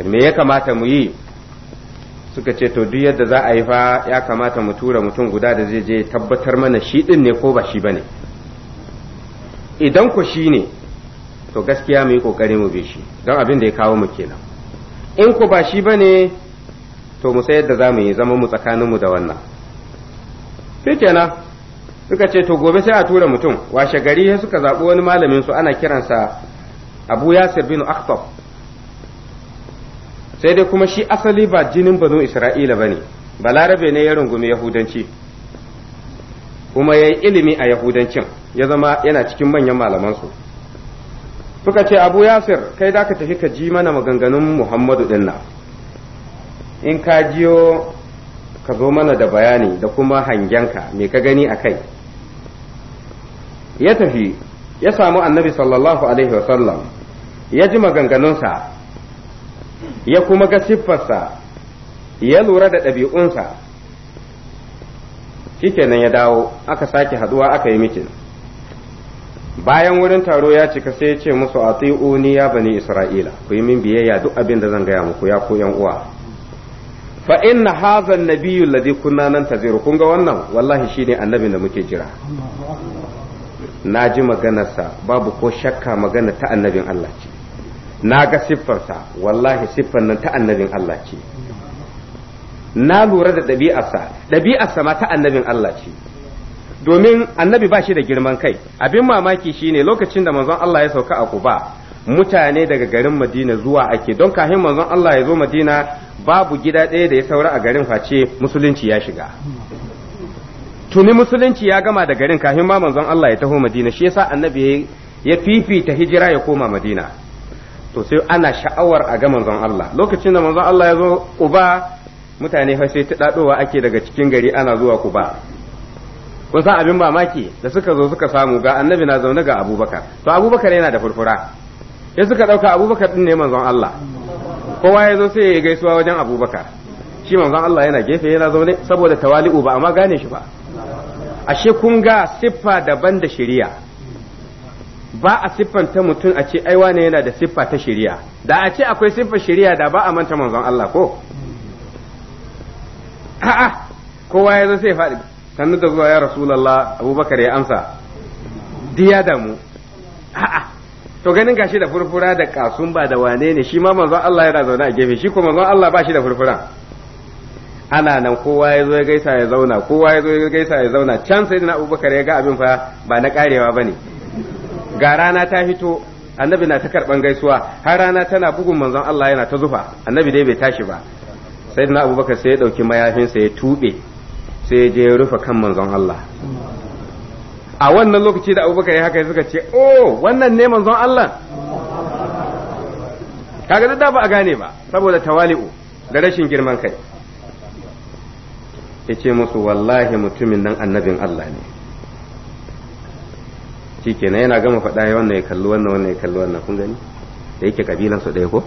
me ya kamata mu yi suka ce to duk yadda za a yi fa ya kamata mu tura mutum guda da zai je tabbatar mana shi din ne ko ba shi bane idan ku shi ne to gaskiya mu yi kokari mu bi shi don abin da ya kawo mu kenan in ku ba shi bane to mu sai yadda za mu yi zama mu tsakanin mu da wannan kenan suka ce to gobe sai a tura mutum washe gari suka zaɓi wani malamin su ana kiransa abu yasir bin akhtab sai dai kuma shi asali ba jinin banu isra'ila ba ne balarabe ne ya rungumi yahudanci kuma ya yi ilimi a yahudancin ya zama yana cikin manyan malamansu suka ce abu yasir kai da ka tafi ka ji mana maganganun muhammadu dinna in ka jiyo ka zo mana da bayani da kuma hangenka mai ka gani a kai ya tafi ya samu annabi sallallahu alaihi wasallam ya ji maganganunsa ya kuma ga siffarsa ya lura da ɗabi'unsa shikenan ya dawo aka sake haduwa aka yi mikin bayan wurin taro ya cika sai ya ce musu a ni ya bani isra'ila ku yi min biyayya duk abin da zan gaya muku ya ku yan uwa fa inna hadha an-nabiyyu alladhi kunna nantaziru kun ga wannan wallahi shine annabin da muke jira na ji maganarsa babu ko shakka magana ta annabin Allah ce na ga siffarsa wallahi siffar nan ta annabin Allah ce na lura da ɗabi'arsa ɗabi'arsa ma ta annabin Allah ce domin annabi ba shi da girman kai abin mamaki shine lokacin da manzon Allah ya sauka a Quba mutane daga garin Madina zuwa ake don kahin manzon Allah ya zo Madina babu gida ɗaya da ya saura a garin face musulunci ya shiga tuni musulunci ya gama da garin kafin ma manzon Allah ya taho Madina shi yasa annabi ya fifita hijira ya koma Madina to sai ana sha'awar a ga manzon Allah lokacin da manzon Allah ya zo Quba mutane fa sai tudadowa ake daga cikin gari ana zuwa Quba kun san abin mamaki da suka zo suka samu ga annabi na zaune ga Abubakar to Abubakar yana da furfura sai suka dauka Abubakar din ne manzon Allah kowa ya zo sai ya gaisuwa wajen Abubakar shi manzon Allah yana gefe yana zaune saboda tawali'u ba amma gane shi ba ashe kun ga siffa daban da shari'a ba a siffanta mutum a ce ai wane yana da siffa ta shari'a da a ce akwai siffar shari'a da ba a manta manzon Allah ko a'a kowa ya zo sai faɗi sannu da zuwa ya rasulullah abubakar ya amsa diya da mu a'a to ganin gashi da furfura da kasun ba da wane ne shi ma manzon Allah yana zaune a gefe shi ko manzon Allah ba shi da furfura ana nan kowa ya zo ya gaisa ya zauna kowa ya zo ya gaisa ya zauna can sai na abubakar ya ga abin fa ba na karewa bane ga rana ta hito annabi na ta karban gaisuwa har rana tana bugun manzon Allah yana ta zufa annabi dai bai tashi ba sai na abubakar sai ya dauki mayafinsa ya tube sai ya je ya rufe kan manzon Allah a wannan lokaci da abubakar ya haka suka ce oh wannan ne manzon Allah kaga da ba a gane ba saboda tawali'u da rashin girman kai ya ce musu wallahi mutumin nan annabin Allah ne shikenan yana gama faɗa ya wannan ya kalli wannan wannan ya kalli wannan kun gani da yake kabilan su ɗaya ko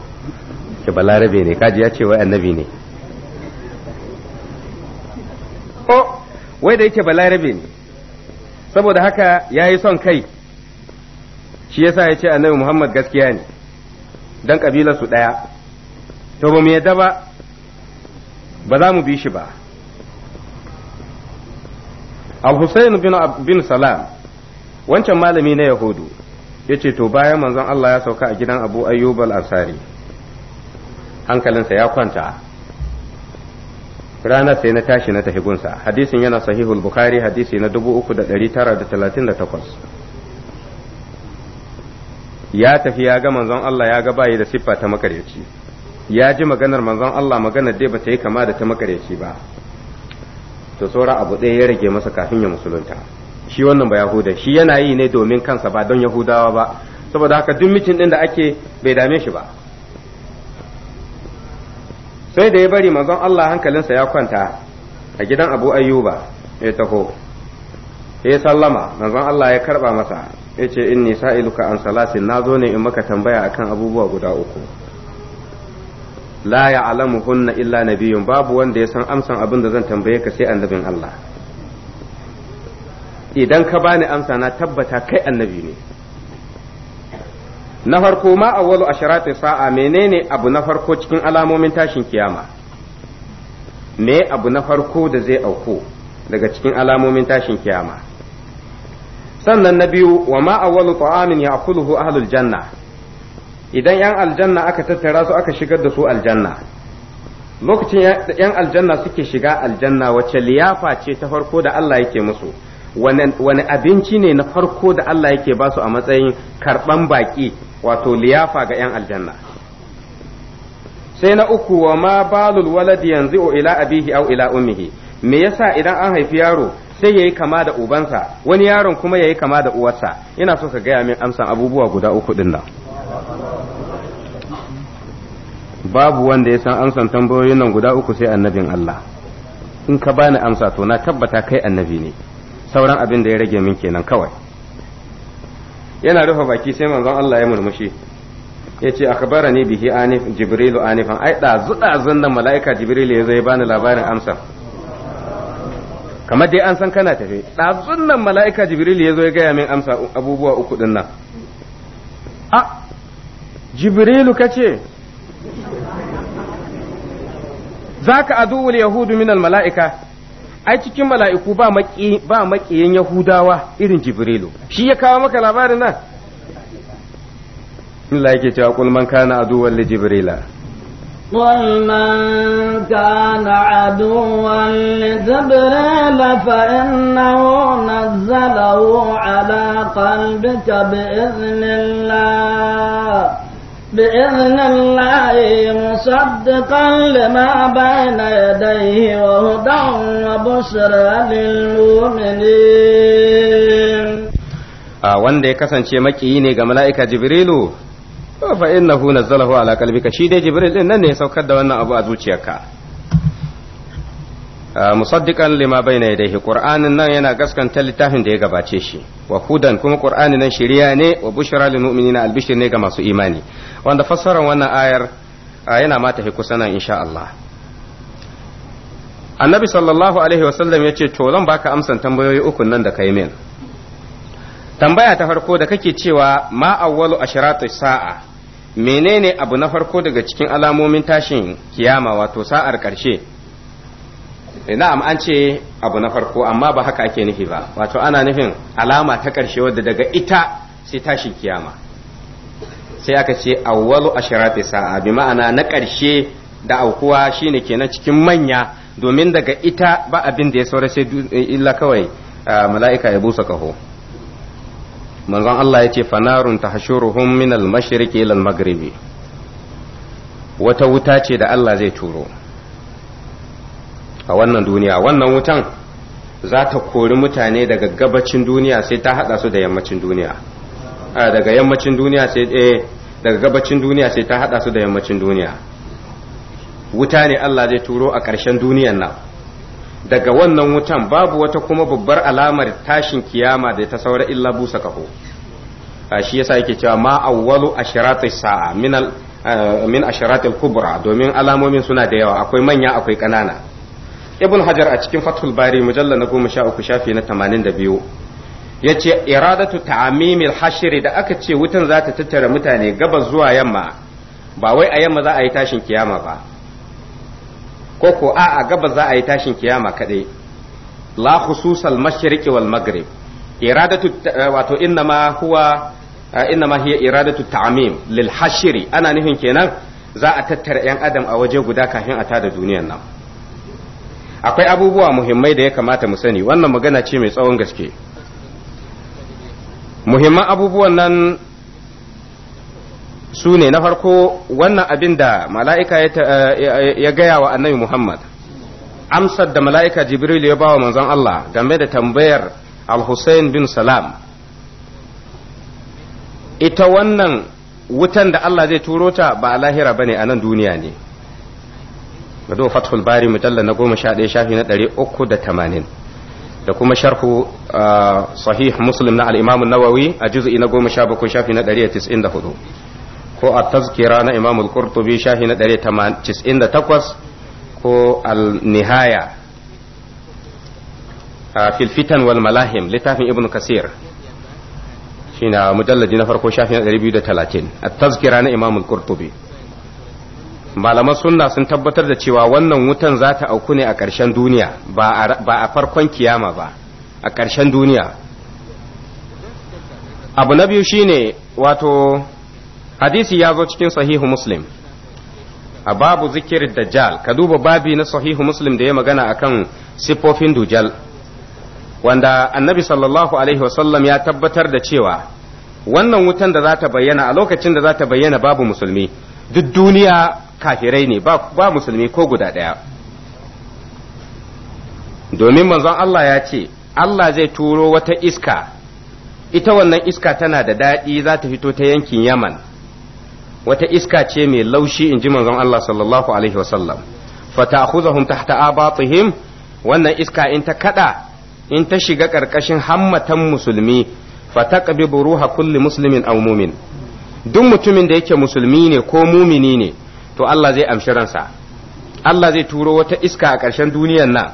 ke balarabe ne kaji ya ce wai annabi ne ko wai da yake balarabe ne saboda haka ya yi son kai shi yasa ya ce annabi muhammad gaskiya ne don kabilan su ɗaya to ba mu yadda ba ba za mu bi shi ba al-husayn bin salam wancan malami na yahudu ya ce to bayan manzon Allah ya sauka a gidan abu ayyub al hankalinsa ya kwanta ranar sai na tashi na tafi hadisin yana sahihul bukhari hadisi na 3938 ya tafi ya ga manzon Allah ya ga bayi da siffa ta makaryaci ya ji maganar manzon Allah maganar dai bata yi kama da ta makaryaci ba to saura abu ɗaya ya rage masa kafin ya musulunta shi wannan ba yahuda shi yana yi ne domin kansa ba don yahudawa ba saboda haka duk mitin din da ake bai dame shi ba sai da ya bari manzon Allah hankalinsa ya kwanta a gidan Abu Ayyuba ya taho ya sallama manzon Allah ya karba masa ya ce inni sa'iluka an salasin na zo ne in maka tambaya akan abubuwa guda uku la ya'lamuhunna illa nabiyyun babu wanda ya san amsan abin da zan tambaye ka sai annabin Allah idan ka bani amsa na tabbata kai annabi ne na farko ma awwalu asharati sa'a menene abu na farko cikin alamomin tashin kiyama me abu na farko da zai auko daga cikin alamomin tashin kiyama sannan na biyu wa ma awwalu ta'amin ya'kuluhu ahlul janna idan yan aljanna aka tattara su aka shigar da su aljanna lokacin yan aljanna suke shiga aljanna wacce liyafa ce ta farko da Allah yake musu wani abinci ne na farko da Allah yake su a matsayin karɓan baƙi wato liyafa ga 'yan aljanna sai na uku wa ma balul waladi yanzu o ila abihi au ila ummihi me yasa idan an haifi yaro sai yayi kama da ubansa wani yaron kuma ya yi kama da uwarsa ina so ka gaya min amsan abubuwa guda uku din nan babu wanda ya san amsan tambayoyin nan guda uku sai annabin Allah in ka bani amsa to na tabbata kai annabi ne sauran abin da ya rage min kenan kawai yana rufe baki sai manzon Allah ya murmushi ya ce akhbarani bihi anif jibrilu anifan ai ɗazu dazun nan mala'ika jibrilu ya zo ya bani labarin amsa kamar dai an san kana tafe dazun nan mala'ika jibrilu ya zo ya gaya min amsa abubuwa uku din nan a jibrilu kace zaka aduwul yahudu al mala'ika ai cikin mala'iku ba maki ba makiyin yahudawa irin jibrilu shi ya kawo maka labarin nan Allah yake cewa kul man kana aduwwan li jibrila قل من كان عدوا لجبريل فإنه نزله على قلبك بإذن بإذن الله مصدقا لما بين يديه وهدى وبشرى للمؤمنين a wanda ya kasance makiyi ne ga mala'ika jibrilu fa innahu nazzalahu ala qalbika shi dai jibril din nan ne ya saukar da wannan abu a zuciyarka musaddiqan lima bayna yadayhi qur'anin nan yana gaskanta littafin da ya gabace shi wa hudan kuma qur'anin nan shiriya ne wa bushra lil mu'minina albishir ne ga masu imani wanda fassarar wannan ayar yana ma tafi kusa nan insha Allah annabi sallallahu alaihi wasallam ya ce to zan baka amsan tambayoyi uku nan da kai min tambaya ta farko da kake cewa ma awwalu asharatu sa'a menene abu na farko daga cikin alamomin tashin kiyama wato sa'ar ƙarshe eh, na'am an ce abu na farko amma ba haka ake nufi ba wato ana nufin alama ta ƙarshe wadda daga ita sai tashin kiyama sai aka ce awwalu asharati sa'a bi ma'ana na ƙarshe da aukuwa shine kenan cikin manya domin daga ita ba abin da ya saura sai illa kawai mala'ika ya busa kaho manzon Allah ya ce fanarun tahshuruhum min al-mashriqi ila al-maghribi wata wuta ce da Allah zai turo a wannan duniya wannan wutan za ta kori mutane daga gabacin duniya sai ta hada su da yammacin duniya Ah, daga yammacin duniya sai eh daga gabacin duniya sai ta hada su da yammacin duniya wuta ne Allah zai turo a ƙarshen duniyan nan daga wannan wutan babu wata kuma babbar alamar tashin kiyama da ta saura illa busa kaho ah, shi yasa yake cewa ma awwalu ashiratu sa'a ah, min min ashiratil kubra domin alamomin suna da yawa akwai manya akwai ƙanana ibn hajar a cikin fathul bari mujalla na goma sha uku shafi na tamanin da biyu ya ce iradatu ta'amimil hashiri da aka ce wutan za ta tattara mutane gabas zuwa yamma ba wai a yamma za a yi tashin kiyama ba ko ko a a gabas za a yi tashin kiyama kadai la khususal mashriqi wal maghrib iradatu wato ma huwa ma hiya iradatu ta'mim lil hashiri ana nufin kenan za a tattara yan adam a waje guda kafin a tada duniyar nan akwai abubuwa muhimmai da ya kamata mu sani wannan magana ce mai tsawon gaske muhimman abubuwan nan su ne na farko wannan abin da mala'ika ya gaya wa annabi Muhammad amsar da mala'ika Jibril ya ba wa manzon Allah game da tambayar al-Hussein bin Salam ita wannan wutan da Allah zai turo ta ba a lahira ba ne a nan duniya ne. Gado Fathul Bari mujalla na goma sha ɗaya shafi na ɗari uku da tamanin. da kuma sharhu ah, sahih muslim na al-imam an-nawawi a juz'i na 17 shafi na 194 ko at-tazkira na imam al-qurtubi shafi na 198 ko al-nihaya ah, fil fitan wal malahim littafin ibn kasir shine mujalladi na farko shafi na 230 at-tazkira na imam al-qurtubi malaman sunna sun tabbatar da cewa wannan wutan za ta auku ne a ƙarshen duniya ba a farkon kiyama ba a ƙarshen duniya abu na biyu shine wato hadisi ya zo cikin sahihu muslim a babu zikirin dajjal ka duba babi na sahihu muslim da ya magana akan siffofin dujal wanda annabi sallallahu alaihi wasallam ya tabbatar da cewa wannan wutan da za ta bayyana a lokacin da za ta bayyana babu musulmi duk duniya kafirai ne ba musulmi ko guda ɗaya domin manzon Allah ya ce Allah zai turo wata iska ita wannan iska tana da daɗi za ta fito ta yankin yaman wata iska ce mai laushi in ji manzon Allah sallallahu alaihi wasallam fata tahta abatihim wannan iska in ta kada in ta shiga ƙarƙashin hammatan musulmi fataqbibu ruha kulli musulmin aw mumin duk mutumin da yake musulmi ne ko mumini ne to Allah zai amshi ransa Allah zai turo wata iska a ƙarshen duniyar nan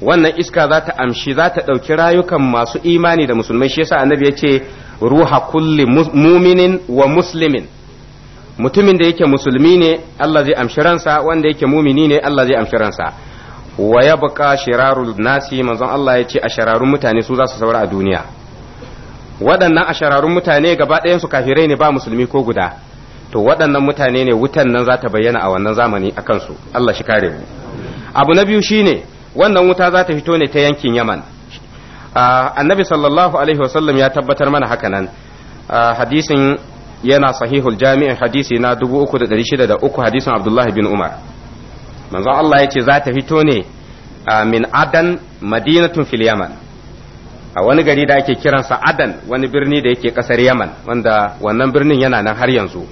wannan iska za ta amshi za ta ɗauki rayukan masu imani da musulmai shi yasa annabi ya ce ruha kulli muminin wa muslimin mutumin da yake musulmi ne Allah zai amshi ransa wanda yake mumini ne Allah zai amshi ransa wa ya shirarul nasi manzon Allah ya ce a shararun mutane su za su saura a duniya waɗannan a mutane gaba ɗayansu kafirai ne ba musulmi ko guda to waɗannan mutane ne wutan nan za ta bayyana a wannan zamani a kansu Allah shi kare mu abu na biyu shine wannan wuta za ta fito ne ta yankin Yaman annabi sallallahu alaihi wasallam ya tabbatar mana haka nan hadisin yana sahihul jami'in hadisi na 3603 hadisin Abdullah bin Umar manzo Allah ya ce za ta fito ne min Adan madinatun fil Yaman a wani gari da ake kiransa Adan wani birni da yake kasar Yaman wanda wannan birnin yana nan har yanzu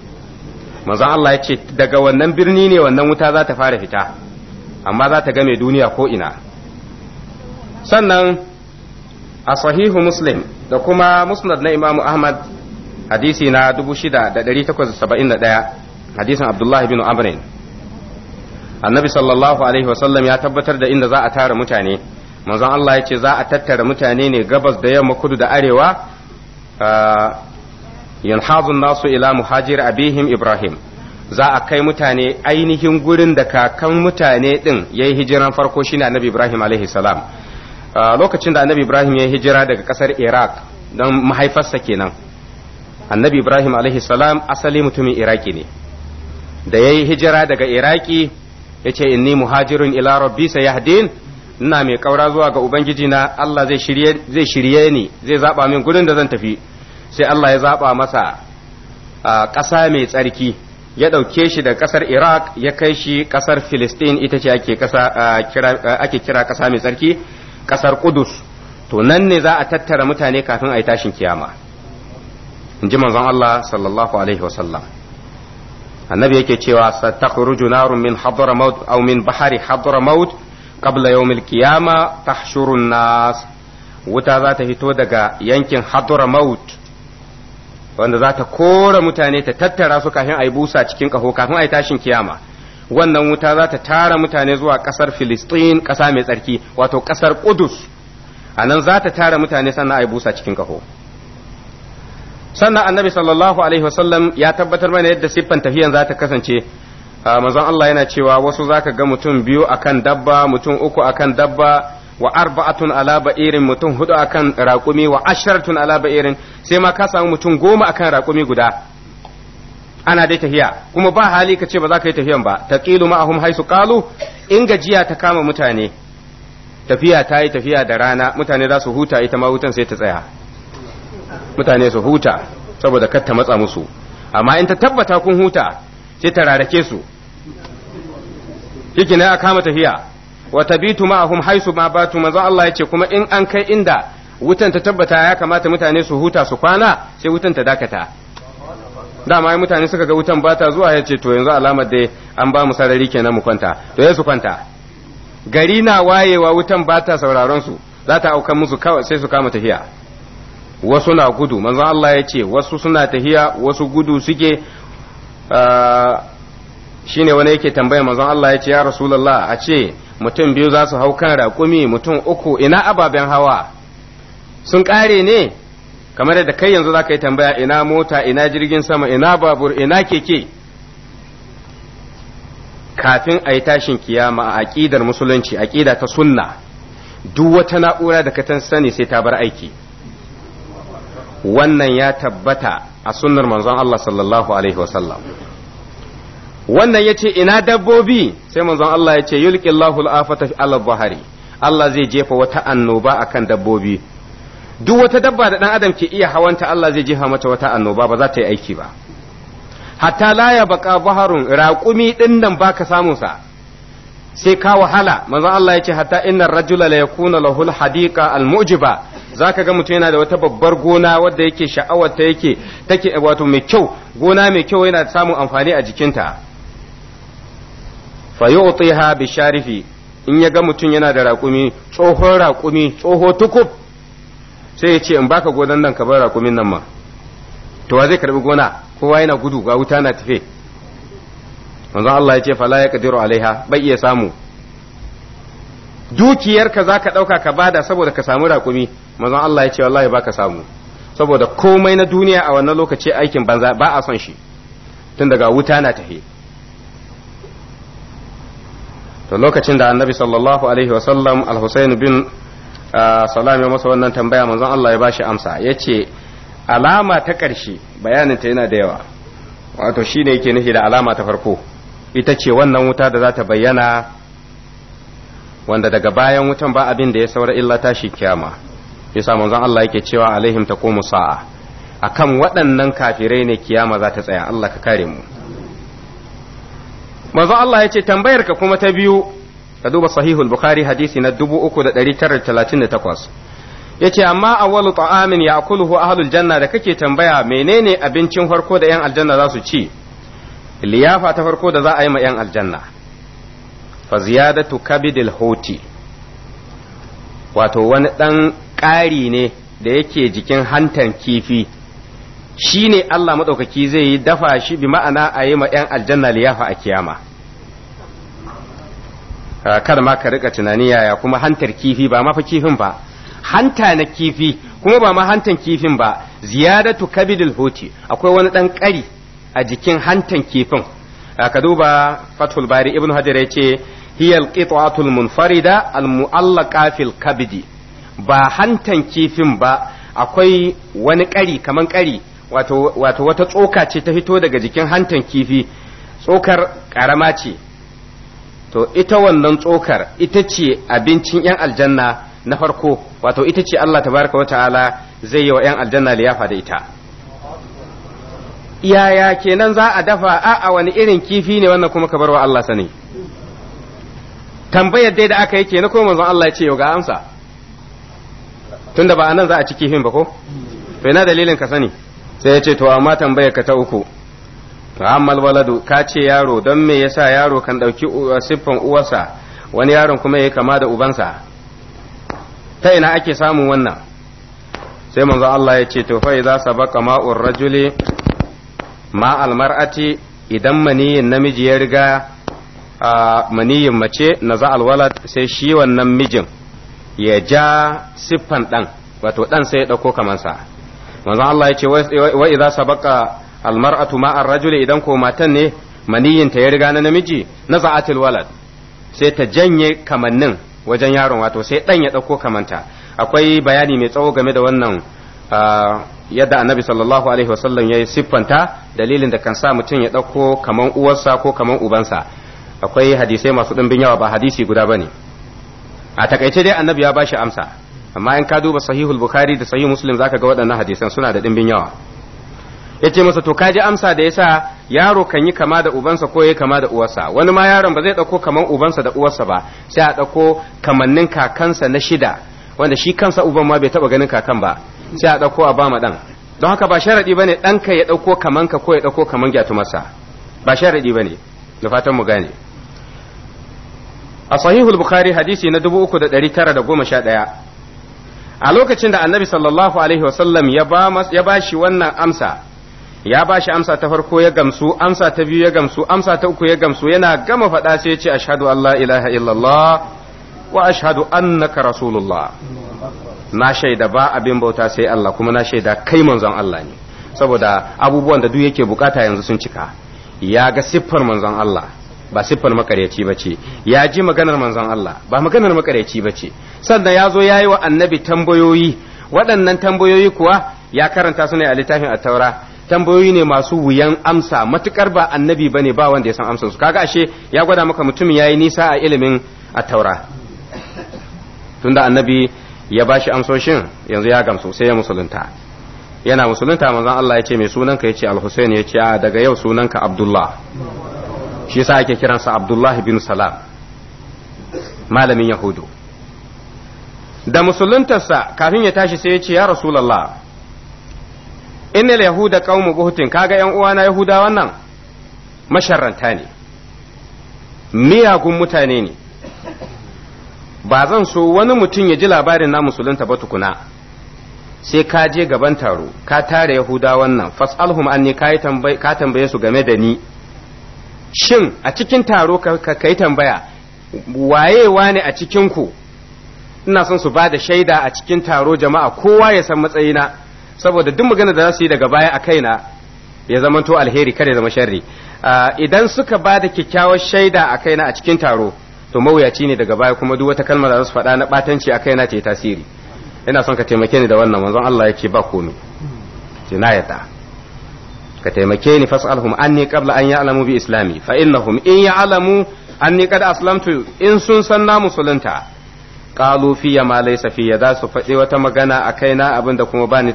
manzo Allah ya ce daga wannan birni ne wannan wuta za ta fara fita amma za ta game duniya ko ina sannan a sahihu muslim da kuma musnad na imamu ahmad hadisi na 6871 hadisin abdullahi bin amrin annabi sallallahu alaihi wasallam ya tabbatar da inda za a tara mutane manzon Allah ya ce za a tattara mutane ne gabas da yamma kudu da arewa ah, yanhazun nasu ila muhajir abihim ibrahim za a kai mutane ainihin gurin da kakan mutane din yayi hijiran farko shine annabi ibrahim alaihi salam lokacin da annabi ibrahim ya hijira daga kasar iraq don mahaifarsa kenan annabi ibrahim alaihi salam asali mutumin iraki ne da ya yi hijira daga iraki ya ce inni muhajirin ila rabbi sayahdin ina mai kaura zuwa ga ubangiji na allah zai shirye ni zai zaba min gurin da zan tafi sai Allah ya zaɓa masa a ƙasa mai tsarki ya ɗauke shi da ƙasar Iraq ya kai shi ƙasar Filistin ita ce ake kira ƙasa mai tsarki ƙasar Kudus to nan ne za a tattara mutane kafin a yi tashin kiyama in ji manzon Allah sallallahu alaihi sallam annabi yake cewa satakhruju narun min hadramaut aw min bahari hadramaut qabla yawmil qiyama tahshurun nas wuta za ta fito daga yankin hadramaut wanda za ta kora mutane ta tattara su kafin a yi busa cikin kaho kafin a yi tashin kiyama wannan wuta za ta tara mutane zuwa kasar filistin kasa mai tsarki wato kasar kudus a nan za ta tara mutane sannan a yi busa cikin kaho sannan annabi sallallahu alaihi wasallam ya tabbatar mana yadda siffan tafiyan za ta kasance ah, manzon Allah yana cewa wasu za ka ga mutum biyu akan dabba mutum uku akan dabba wa arba'atun ala ba'irin mutum hudu akan raƙumi wa asharatun ala ba'irin sai ma ka samu mutum goma akan raƙumi guda ana dai tafiya kuma ba hali ka ce ba za ka yi tafiyan ba ta taqilu ma'ahum haisu ƙalu in gajiya ta kama mutane tafiya ta yi tafiya da rana mutane za su huta ita ma hutan sai ta tsaya mutane su huta saboda kar ta matsa musu amma in ta tabbata kun huta sai ta rarake su shi ne a kama tafiya wa tabitu ma'ahum haisu ma batu manzo Allah ya kuma in an kai inda wutan ta tabbata ya kamata mutane su huta su kwana sai wutan ta dakata dama ai mutane suka ga wutan bata zuwa ya ce to yanzu alamar dai an ba mu sarari kenan mu kwanta to ya su kwanta gari na wayewa wutan bata sauraron su za ta aukan musu kawai sai su kama tafiya wasu na gudu manzo Allah ya ce wasu suna tahiya wasu gudu suke ah, shine wani yake tambaya manzon Allah ya ce ya rasulullah a ce mutum biyu za su hau kan raƙumi mutum uku ina ababen hawa sun ƙare ne kamar da kai yanzu za ka yi tambaya ina mota ina jirgin sama ina babur ina keke kafin a yi tashin kiyama a aƙidar musulunci aƙida ta sunna duk wata na'ura da ka tan sani sai ta bar aiki wannan ya tabbata a sunnar manzon Allah sallallahu alaihi wasallam wannan ya ce ina dabbobi sai manzon Allah ya ce yulqillahu al'afata ala zahari Allah zai jefa wata annoba akan dabbobi duk wata dabba da dan adam ke iya hawanta Allah zai jefa mata wata annoba ba za ta yi aiki ba hatta la ya baka baharun raƙumi din nan baka samu sa sai ka wahala manzon Allah ya ce hatta innar rajula la yakuna lahul hadika al mu'jiba zaka ga mutum yana da wata babbar gona wadda yake sha'awar ta yake take wato mai kyau gona mai kyau yana samun amfani a jikinta fayu'tiha bi sharifi in ya ga mutum yana da raƙumi tsohon raƙumi tsoho tukub sai ya ce in baka gonan nan ka bar raƙumin nan ma to wa zai karbi gona kowa yana gudu ga wuta na tafe manzon Allah ya ce fala ya kadiru alaiha bai iya samu dukiyarka za ka ɗauka ka bada saboda ka samu raƙumi manzon Allah ya ce wallahi baka samu saboda komai na duniya a wannan lokaci aikin banza ba a son shi tun daga wuta na tafe to lokacin da annabi sallallahu alaihi sallam al-husayn bin ah, salam ya masa wannan tambaya manzon Allah ya bashi amsa yace alama ta ƙarshe ta yana da yawa wato shine yake nufi da alama ta farko ita ce wannan wuta da za ta bayyana wanda daga bayan wutan ba abin da ya saura illa tashi kiyama yasa manzon Allah yake cewa alaihim taqumu sa'a akan waɗannan kafirai ne kiyama za ta tsaya Allah ka kare mu manzo Allah ya ce tambayar ka kuma ta biyu ka duba sahihul bukhari hadisi na 3938 yace amma awwalu ta'amin ya'kuluhu ahlul janna da kake tambaya menene abincin farko da yan aljanna za su ci liyafa ta farko da za a yi ma yan aljanna fa ziyadatu kabidil hoti wato wani dan ƙari ne da yake jikin hantan kifi shi ne Allah maɗaukaki zai yi dafa shi bi ma'ana a yi ma 'yan aljanna liyafa a kiyama ah, kada ma ka rika tunani yaya kuma hantar kifi ba ma kifin ba hanta na kifi kuma ba ma hantan kifin ba ziyadatu kabidul hoti akwai wani ɗan ƙari a jikin hantan kifin ah, ka duba fatul bari ibn hajar ya ce hiyal qit'atul munfarida al mu'allaqa fil kabidi ba hantan kifin ba akwai wani ƙari kaman ƙari wato wata tsoka ce ta fito daga jikin hantan kifi tsokar karama ce to ita wannan tsokar ita ce abincin yan aljanna na farko wato ita ce Allah tabaraka wa ta'ala zai yi wa yan aljanna liyafa da ita yaya kenan za a dafa a a wani irin kifi ne wannan kuma ka bar wa Allah sani tambayar dai da aka yi kenan ko manzon Allah ya ce ga amsa tunda ba anan za a ci kifin ba ko to ina dalilin ka sani sai ya ce to amma tambaya ka ta uku ammal waladu ka ce yaro don me yasa yaro kan ɗauki uh, siffan uwarsa wani yaron kuma ya kama da ubansa ta ina ake samun wannan sai manzo Allah ya ce to fa idza sabaqa ma'ur rajuli ma al mar'ati idan maniyin namiji ya riga maniyin mace na al walad sai shi wannan mijin ya ja siffan dan wato dan sai ya dauko kamansa manzo Allah ya ce wa idza sabaqa almar'atu ma ar-rajuli idan ko matan ne maniyin ta ya riga na namiji na za'atil walad sai ta janye kamannin wajen yaron wato sai dan ya dauko kamanta akwai bayani mai tsawo game da wannan ah, yadda annabi sallallahu alaihi wasallam ya siffanta dalilin da kan sa mutum ya dauko kaman uwarsa ko kaman ubansa akwai hadisai masu dimbin yawa ba hadisi guda bane a takaice dai annabi ya bashi amsa amma in ka duba sahihul bukhari da sahih muslim zaka ga waɗannan hadisan suna da ɗimbin yawa yace masa to kaji amsa da yasa yaro kan yi kama da ubansa ko yayi kama da uwarsa wani ma yaron ba zai dauko kaman ubansa da uwarsa ba sai a dauko kamannin kakansa na shida wanda shi kansa uban ma bai taba ganin kakan ba sai a dauko a bama dan don haka ba sharadi bane danka ya dauko kaman ka ko ya dauko kaman masa ba sharadi bane da fatan mu gane a sahihul bukhari hadisi na 3911 a lokacin da annabi sallallahu alaihi wasallam ya ba shi wannan amsa ya ba shi amsa ta farko ya gamsu amsa ta biyu ya gamsu amsa ta uku ya gamsu yana gama faɗa sai ya ce ashhadu an la ilaha illallah wa ashhadu annaka rasulullah na shaida ba abin bauta sai Allah kuma na shaida kai manzon Allah ne saboda abubuwan da duk yake bukata yanzu sun cika ya ga siffar manzon Allah ba siffar makaryaci ba ce ya ji maganar manzon Allah ba maganar makaryaci ba ce sannan ya zo ya yi wa annabi tambayoyi waɗannan tambayoyi kuwa ya karanta su ne a littafin attaura tambayoyi ne masu wuyan amsa matukar ba annabi ba ne ba wanda ya san amsa su kaga ashe ya gwada maka mutumin ya yi nisa a ilimin attaura tunda annabi ya ba shi amsoshin yanzu ya gamsu sai ya musulunta yana musulunta manzon Allah ya ce mai sunanka ya ce al-Husayn ya a ah, daga yau sunanka Abdullah shi yasa ake kiransa abdullahi bin salam malamin yahudu da musuluntarsa kafin ya tashi sai ya ce ya rasulallah innal yahuda qaumu buhtin kaga yan uwana yahuda wannan masharranta ne miyagun mutane ne ba zan so wani mutum ya ji labarin na musulunta ba tukuna sai ka je gaban taro ka tare yahuda wannan fas'alhum anni ka tambaye su game da ni shin a cikin taro ka kai tambaya wayewa ne a cikinku ina son su ba da shaida a cikin taro jama'a kowa ya san matsayina saboda duk magana da za su yi daga baya a kaina ya zama to alheri kada ya zama sharri ah, idan suka ba da kyakkyawar shaida a kaina a cikin taro to mawuyaci ne daga baya kuma duk wata kalma da za su faɗa na ɓatanci a kaina ta yi tasiri ina son ka taimake ni da wannan manzon Allah yake ba komai ce na yadda ka taimake ni fas'alhum anni qabla an ya'lamu bi islami fa innahum in ya'lamu anni qad aslamtu in sun san na musulunta qalu fi ma laysa fi yada su faɗi wata magana a kaina abinda kuma bani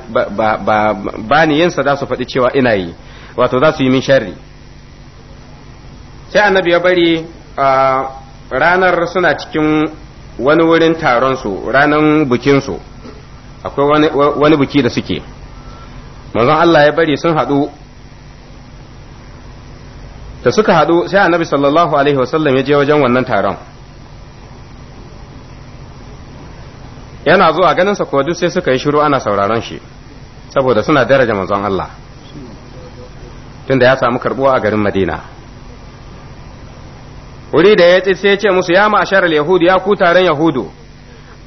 bani yinsa da su faɗi cewa ina yi wato za su yi min sharri sai annabi ya bari ranar suna cikin wani wurin taron su ranar bukin su akwai wani biki da suke manzon Allah ya bari sun haɗu da suka haɗu sai annabi sallallahu alaihi wasallam ya je wajen wannan taron yana zuwa ganin sa duk sai suka yi shiru ana sauraron shi saboda suna daraja manzon Allah tunda ya samu karbuwa a garin Madina wuri da ya sai ya ce musu ya ma ma'ashar yahudu ya ku taron yahudu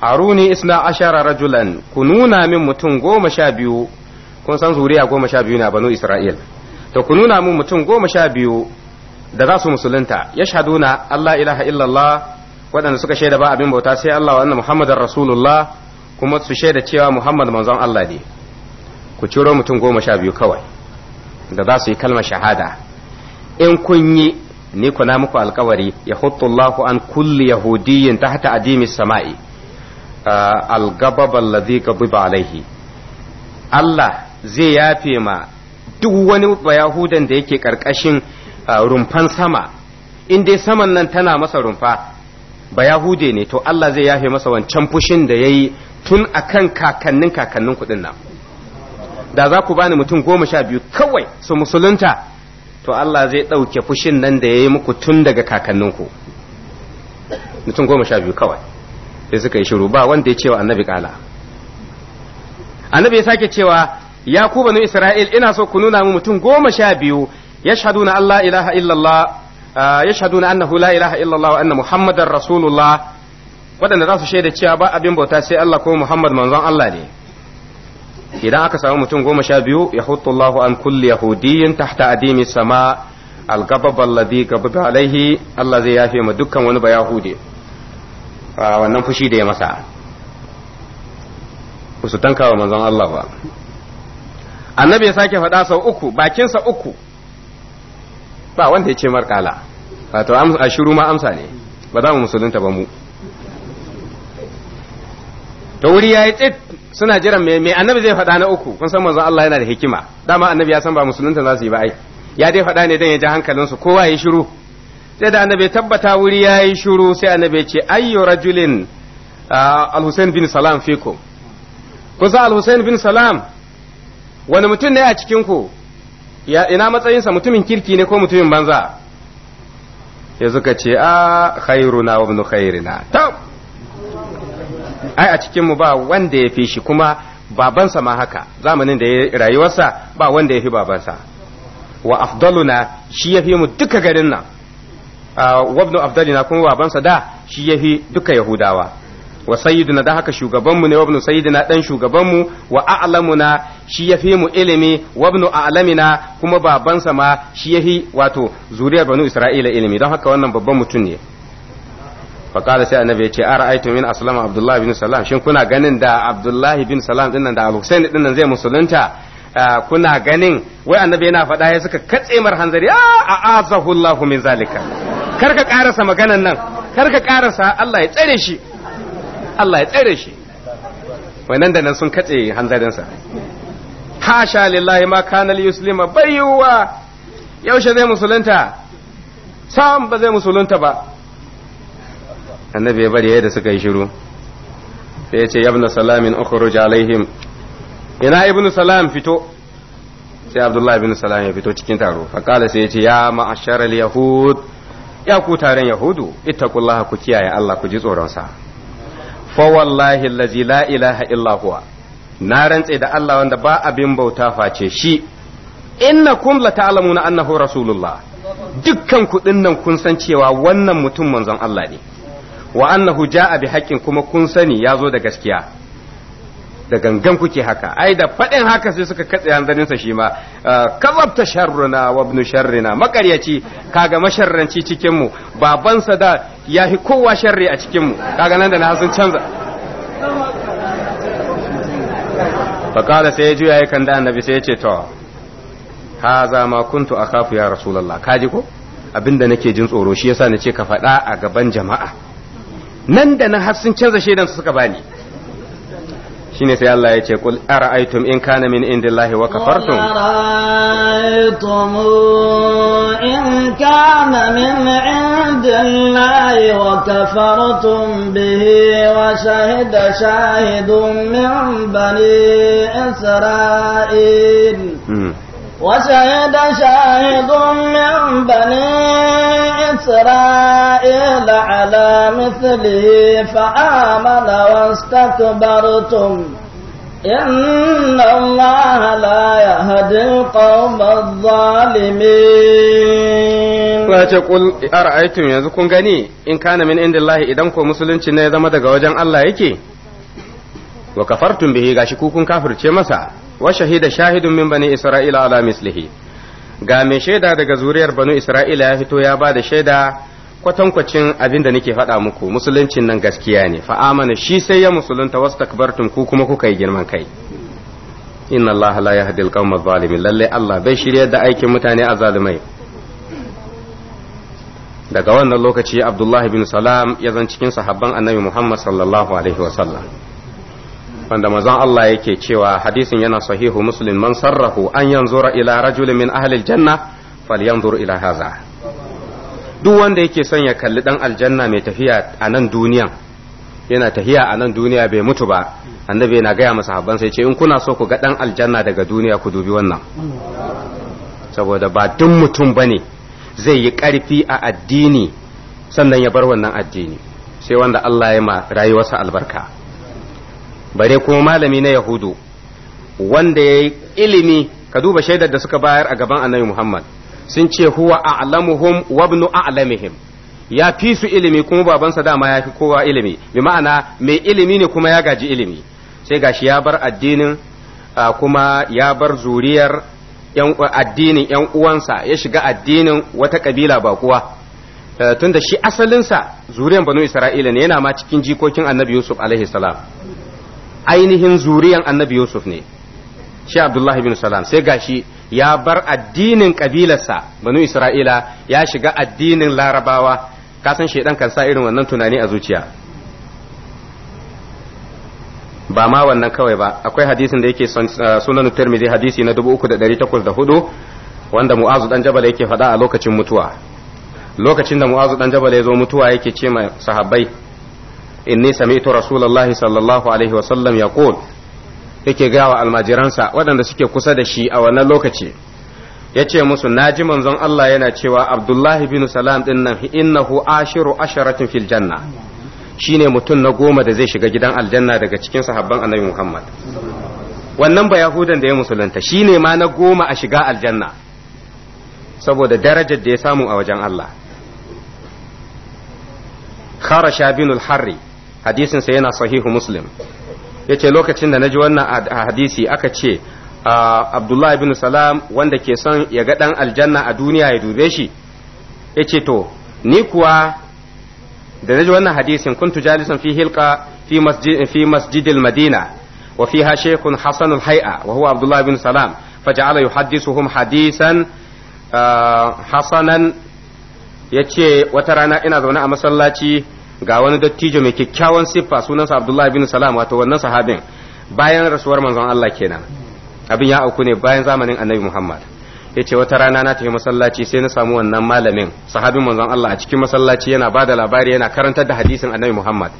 aruni isna ashara rajulan ku nuna min mutum goma sha biyu kun san zuriya goma sha biyu na banu isra'il to ku nuna min mutum goma sha biyu da za su musulunta ya na Allah ilaha illallah waɗanda suka shaida ba abin bauta sai Allah wa Muhammadar Rasulullah kuma su shaida cewa Muhammad manzon Allah ne ku ciro mutum goma sha biyu kawai da za su yi kalmar shahada in kun yi ni kuna muku alkawari ya an kulli Yahudiyin ta hata adimis sama'i uh, al-gabab alaihi Allah zai yafe ma duk wani bayahudan da yake karkashin rumfan sama in dai saman nan tana masa rumfa ba yahude ne to Allah zai yafe masa wancan fushin da ya yi tun akan kakannin kakannin kuɗin nan da za ku bani mutum goma sha biyu kawai su musulunta to Allah zai ɗauke fushin nan da ya yi muku tun daga kakannin ku. mutum goma sha biyu kawai sai suka yi shiru ba wanda ya cewa annabi kala annabi ya sake cewa ya ku isra'il ina so ku nuna mu mutum goma sha biyu yashhaduna Allah ilaha illallah yashhaduna annahu la ilaha illallah wa anna muhammadar rasulullah waɗanda za su shaida cewa ba abin bauta sai Allah ko Muhammad manzon Allah ne idan aka samu mutum goma sha biyu ya Allahu an kulli yahudiyyin tahta adimi sama al-gabab alladhi gababa alaihi Allah zai yafe ma dukkan wani ba yahudi wannan fushi da ya masa ba su tanka wa manzon Allah ba annabi ya sake faɗa sau uku bakinsa uku ba wanda ya ce markala wato a shiru ma amsa ne ba za mu musulunta ba mu to wuri yayi tsit suna jiran me me annabi zai faɗa na uku kun san manzon Allah yana da hikima dama annabi ya san ba musulunta za su yi ba ai ya dai faɗa ne dan ya ji hankalin su kowa yayi shiru sai da annabi tabbata wuri yayi shiru sai annabi ce ayyu rajulin al-Husayn bin Salam fiku kun san al bin Salam wani mutum ne a cikin ku ya ina matsayinsa mutumin kirki ne ko mutumin banza ya suka ce a khairuna wa ibn khairina ta ai a cikin mu ba wanda ya fi shi kuma babansa ma haka zamanin da ya rayuwarsa ba wanda ya fi babansa wa afdaluna shi ya fi mu duka garin nan wa ibn afdalina kuma babansa da shi ya fi duka yahudawa wa sayyiduna da haka shugabanmu ne wabnu sayyiduna dan shugabanmu wa a'lamuna shi yafi mu ilimi wabnu a'lamina kuma babansa ma shi yafi wato zuriyar banu isra'ila ilimi don haka wannan babban mutum ne faqala sai annabi ya ce ara'aytu min aslama abdullahi bin salam shin kuna ganin da abdullahi bin salam dinnan da al-husayn dinnan zai musulunta ah, kuna ganin wai annabi yana faɗa ya suka katse mar hanzari a ah, azahu Allahu min zalika kar ka karasa maganan nan kar ka karasa Allah ya tsare shi Allah ya tsere shi nan da nan sun katse hanzarinsa hasha lillahi ma kana li yuslima bayyuwa yaushe zai musulunta sam ba zai musulunta ba annabi ya bari yadda suka yi shiru sai ya ce yabna salamin ukhruj alaihim ina ibnu salam fito sai abdullahi ibnu salam ya fito cikin taro fa kala sai ya ce ya ma'ashar al-yahud ya ku taron yahudu ittaqullaha ku kiyaye Allah ku ji tsoron sa fa wallahi la ilaha illa huwa na rantse da Allah wanda ba abin bauta face shi alamu na annahu rasulullah dukkan kudin nan kun san cewa wannan mutum manzon Allah ne wa annahu ja'a bi haqqin kuma kun sani yazo da gaskiya da gangan kuke haka ai da faɗin haka sai suka katse hanzarinsa shi ma ah, ta sharruna wa ibn sharrina makaryaci kaga masharranci cikin mu babansa da yahi kowa sharri a cikin mu kaga nan da na sun canza fakala sai ya juya ya kanda annabi sai ya ce to za ma kuntu akhafu ya rasulullah kaji ko abinda nake jin tsoro shi yasa ce ka faɗa a gaban jama'a nan da na har sun canza shaidan suka bani shine sai Allah ya ce kul ara'aytum in kana min indillahi wa kafartum ara'aytum in kana min indillahi wa kafartum bihi wa shahida shahidun min bani isra'il hmm. وشهد شاهد من بني إسرائيل على مثله فآمن واستكبرتم إن الله لا يهدي القوم الظالمين wace kul ara'aytum yanzu kun gani in kana min indillahi idan ko musulunci ne ya zama daga wajen Allah yake wa kafartum bihi gashi ku kun kafirce masa wa shahida shahidun min bani isra'ila ala mislihi ga mai shaida daga zuriyar banu isra'ila ya fito ya ba da shaida kwatankwacin abin da nake faɗa muku musuluncin nan gaskiya ne fa amana shi sai ya musulunta wastakbartum ku kuma kuka yi girman kai inna allaha la yahdi alqawma zalimin lalle allah bai shirya da aikin mutane azalimai daga wannan lokaci abdullahi bin salam ya zan cikin sahabban annabi muhammad sallallahu alaihi wa sallam wanda manzon Allah yake cewa hadisin yana sahihu muslim man sarrahu an yanzura ila rajulin min ahli aljanna falyanzur ila haza duk wanda yake son ya kalli dan aljanna mai tafiya a nan duniyan yana tafiya a nan duniya bai mutu ba annabi yana gaya masa habban sai ce in kuna so ku ga dan aljanna daga duniya ku dubi wannan saboda ba duk mutum bane zai yi karfi a addini sannan ya bar wannan addini sai wanda Allah ya ma rayuwarsa albarka bare kuma malami na yahudu wanda ya yi ilimi ka duba shaidar da suka bayar a gaban annabi muhammad sun ce huwa a'lamuhum wabnu a'lamihim ya fi su ilimi kuma babansa dama ya fi kowa ilimi bi ma'ana mai ilimi ne kuma ya gaji ilimi sai gashi ya bar addinin kuma ya bar zuriyar addinin yan uwansa ya shiga addinin wata kabila ba kuwa e, tunda shi asalinsa zuriyar banu isra'ila ne yana ma cikin jikokin annabi yusuf alaihi salam ainihin zuriyan annabi yusuf ne shi abdullahi bin salam sai gashi ya bar addinin kabilarsa banu isra'ila ya shiga addinin larabawa kasan shaidan kan sa irin wannan tunani a zuciya ba ma wannan kawai ba akwai hadisin da yake uh, sunan tirmidhi hadisi na 3804 wanda mu'azu dan jabal yake faɗa a lokacin mutuwa lokacin da mu'azu dan jabal ya zo mutuwa yake ce ma sahabbai inni sami'tu rasulullahi sallallahu alaihi wasallam yaqul yake gawa almajiransa waɗanda suke kusa da shi a wannan lokaci yace musu naji manzon Allah yana cewa Abdullahi bin Salam din nan innahu ashiru asharatin fil janna shine mutum na goma da zai shiga gidan aljanna daga cikin sahabban Annabi Muhammad wannan ba Yahudan da ya musulunta shine ma na goma a shiga aljanna saboda darajar da ya samu a wajen Allah Kharasha bin al-Harri Hadisinsa yana sahihu muslim yace lokacin da na ji wannan hadisi aka ce ah, Abdullah ibn Salam wanda ke son ya ga dan aljanna a duniya ya dube shi yace to ni kuwa da naji wannan hadisin kuntu jalisan fi hilqa fi fi masjidil madina wa fiha shaykhun hasan al haia wa huwa Abdullah ibn Salam faja'ala yuhaddithuhum hadisan ah, hasanan yace wata rana ina zaune a masallaci ga wani dattijo mai kyakkyawan siffa sunansa Abdullahi bin Salam wato wannan sahabin bayan rasuwar manzon Allah kenan abin ya auku ne bayan zamanin Annabi Muhammad ce wata rana na tafi masallaci sai na samu wannan malamin sahabin manzon Allah a cikin masallaci yana bada labari yana karantar da hadisin Annabi Muhammad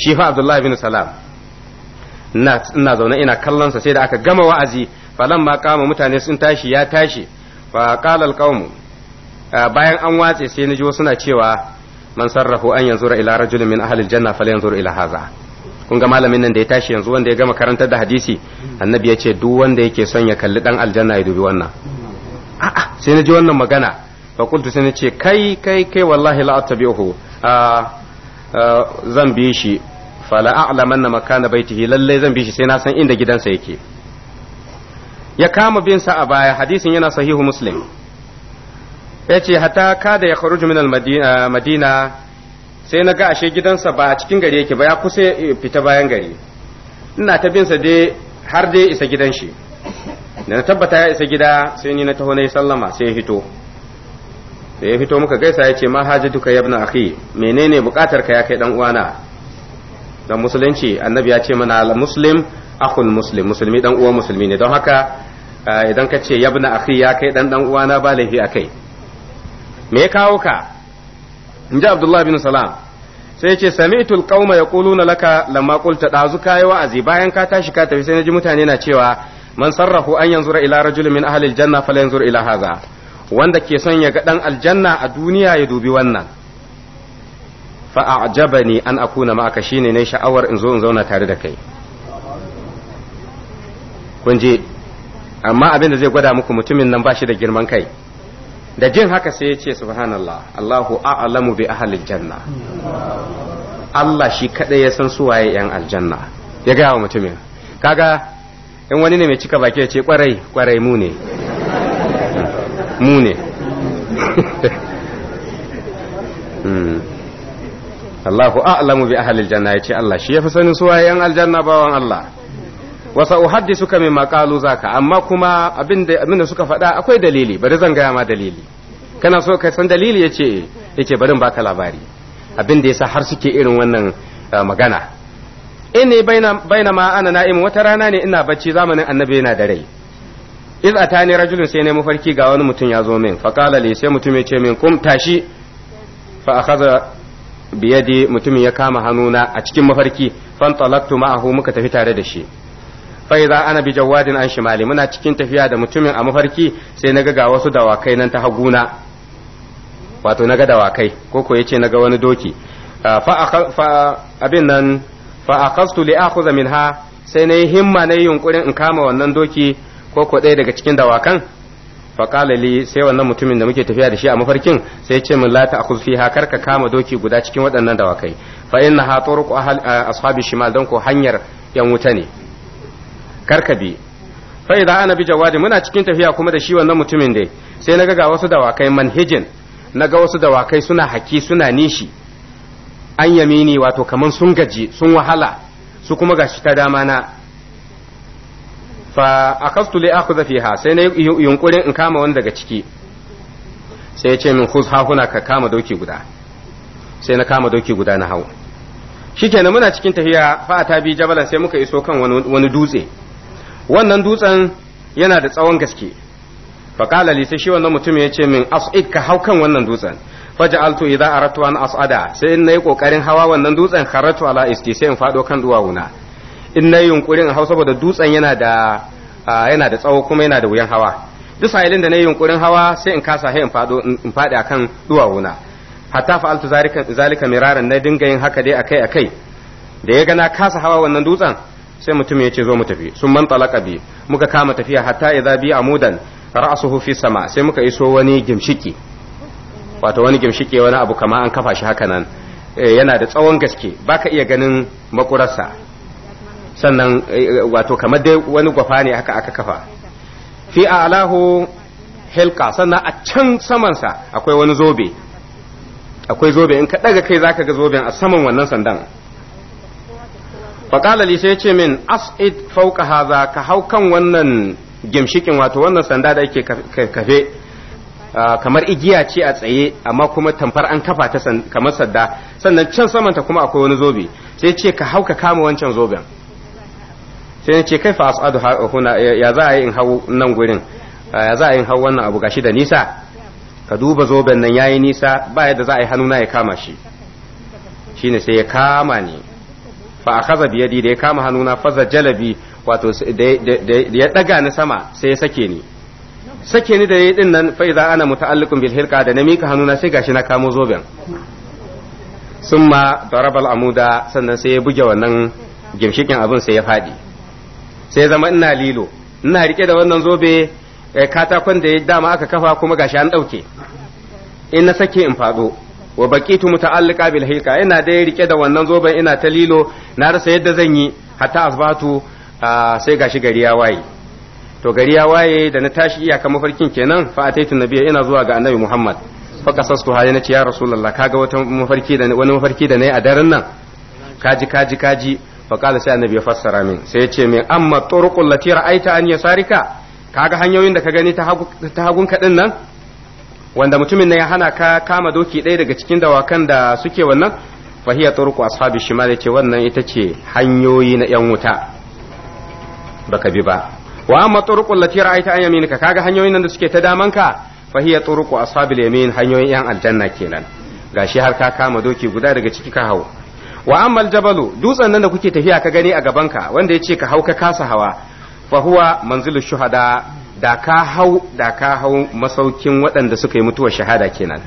shi fa Abdullahi bin Salam ina zaune ina kallon sa sai da aka gama wa'azi ma kama mutane sun tashi ya tashi fa qala alqawm bayan an watse sai na ji suna cewa man sarrafu an yanzura ila rajulin min ahli aljanna falyanzur ila haza kun ga malamin nan da ya tashi yanzu wanda ya gama karantar da hadisi annabi ya ce duk wanda yake son ya kalli dan aljanna ya dubi wannan a'a sai na ji wannan magana fa kuntu sai na ce kai kai kai wallahi la attabi'uhu a zan bi shi fala na makana baitihi lalle zan bi shi sai na san inda gidansa yake ya kama bin sa a baya hadisin yana sahihu muslim ya ce ka kada ya kharuju min madina sai na ga ashe gidansa ba a cikin gari yake ba ya kusa fita bayan gari ina ta binsa dai har dai isa gidan shi da na tabbata ya isa gida sai ni na taho na yi sallama sai ya fito. sai ya fito muka gaisa ya ce ma duka yabna akhi menene bukatar ka ya kai dan uwana dan musulunci annabi ya ce mana al muslim akhul muslim musulmi dan uwa musulmi ne don haka eh, idan ka ce yabna akhi ya kai dan dan uwana ba laifi akai me ya kawo ka in ji abdullahi bin salam sai ce sami'tu alqauma yaquluna laka lamma qulta dazu kai wa'azi bayan ka tashi ka tafi sai na naji mutane na cewa man sarrahu an yanzu ila rajulin min ahli aljanna fala yanzur ila hadha wanda ke son ya ga dan aljanna a duniya ya dubi wannan fa a'jabani an akuna ma'aka shine ne sha'awar in zo in zauna tare da kai kun je amma abin da zai gwada muku mutumin nan ba shi da girman kai da jin haka sai ya ce subhanallah Allahu a'lamu bi ahlil janna Allah shi kadai ya san su waye yan aljanna ya ga wa mutumin kaga in wani ne mai cika baki ya ce kwarai kwarai mu ne mu ne hmm. Allahu a'lamu bi ahlil janna ya ce Allah shi ya fi sanin su waye yan aljanna bawan Allah wasa suka min maqalu zaka amma kuma abinda abinda suka faɗa akwai dalili bari zan gaya ma dalili kana so ka san dalili yace yace barin baka labari abinda yasa har suke irin wannan eh, magana inni baina baina ma ana na'im wata rana ne ina bacci zamanin annabi yana da rai iz atani rajulun sai ne mafarki ga wani mutum ya zo min fa qala li sai mutum ya ce min kum tashi fa akhadha yadi mutumin ya kama hannuna a cikin mafarki fan talaktu ma'ahu muka tafi tare da shi fa ana bi jawadin an shimali muna cikin tafiya da mutumin a mafarki sai naga ga wasu dawakai nan ta haguna wato naga dawakai ko ko yace naga wani doki fa fa abin nan fa aqastu li akhudha minha sai nayi himma nayi yunkurin in kama wannan doki ko ko dai daga cikin dawakan fa qala li sai wannan mutumin da muke tafiya da shi a mafarkin sai ya ce min la ta'khudh fiha karka kama doki guda cikin waɗannan dawakai fa innaha turuq ashabi shimal don ko hanyar yan wuta ne karka bi fa idan ana bi jawadi muna cikin tafiya kuma da shi wannan mutumin dai sai na ga wasu dawakai na ga wasu dawakai suna haki suna nishi an yamini wato kaman sun gaji sun wahala su kuma gashi ta dama na fa akastu li akhudha fiha sai na yunkurin in kama wani daga ciki sai ya ce min khuz hahuna ka kama doki guda sai na kama doki guda na hau shikenan muna cikin tafiya fa ta bi jabalan sai muka iso kan wani dutse wannan dutsen yana da tsawon gaske faƙala li sai shi wannan mutum ya ce min as'id ka hau kan wannan dutsen faja'altu idza aratu an as'ada sai in nayi kokarin hawa wannan dutsen kharatu ala isti sai in fado kan duwawuna in nayi yunkurin hau saboda dutsen yana da yana da tsawo kuma yana da wuyan hawa duk sa'ilin da nayi yunkurin hawa sai in kasa sai in fado in fadi akan duwawuna hatta fa'altu zalika zalika miraran na dinga yin haka dai akai akai da ya ga na kasa hawa wannan dutsen sai mutum ya ce zo mu tafi sun man lakabi muka kama tafiya hatta idza bi amudan ra'suhu fi sama sai muka iso wani gimshiki wato wani gimshiki wani abu kama an kafa shi haka nan eh, yana da tsawon gaske baka iya ganin makurarsa sannan eh, wato kamar dai wani gwafa ne haka aka kafa fi alahu hilka sannan a can samansa akwai wani zobe akwai zobe in ka daga kai zaka ga zobe a saman wannan sandan faƙala lisa ya ce min as'id fauka haza ka hau kan wannan gimshikin wato wannan sanda da ake kafe ah, kamar igiya ce a tsaye amma kuma tamfar an kafa ta kamar sadda sannan can samanta kuma akwai wani zobe sai ce ka hau ka kama wancan zoben sai ce kai fa as'adu huna ya za a yi in hau nan gurin ah, ya za a yi in hau wannan abu gashi da nisa ka duba zoben nan yayi nisa ba yadda za a yi hannuna ya kama shi shine sai ya kama ni fa kaza biyadi da ya kama hannuna faza jalabi wato da ya daga ni sama sai ya sake ni sake ni da yayi din nan fa idza ana muta'alliqun bil hirqa da na mika hannuna sai gashi na kamo zoben summa darabal amuda sannan sai ya buge wannan gimshikin abin sai ya fadi sai zama ina lilo ina rike da wannan zobe eh, katakon da ya dama aka kafa kuma gashi an dauke in na sake in fado wa baqitu muta'alliqa bil hilqa ina dai rike da wannan zoben ina ta lilo na rasa yadda zan yi hatta asbatu sai gashi gari ya waye to gari ya waye da na tashi iyaka mafarkin kenan fa ataitu nabiyya ina zuwa ga annabi Muhammad fa kasastu hali na ce ya rasulullah kaga wata mafarki da wani mafarki da nayi a daren nan kaji kaji kaji fa kala sai annabi ya fassara min sai ya ce min amma turuqul lati ra'aita an yasarika kaga hanyoyin da ka gani ta hagun ka din nan wanda mutumin ne ya hana ka kama doki ɗaya daga cikin dawakan da suke wannan fahiya turku ashabi ma ce wannan ita ce hanyoyi na yan wuta baka bi ba wa amma Turku lati ra'aita an yaminika kaga hanyoyin nan da suke ta damanka fahiya turku ashabi yamin hanyoyin yan aljanna kenan Ga shi har ka kama doki guda daga ciki ka hau wa amma jabalu dutsen nan da kuke tafiya ka gani a gabanka wanda ya ce ka hau ka kasa hawa Fahuwa huwa manzilu shuhada da ka hau da ka hau masaukin waɗanda suka yi mutuwar shahada kenan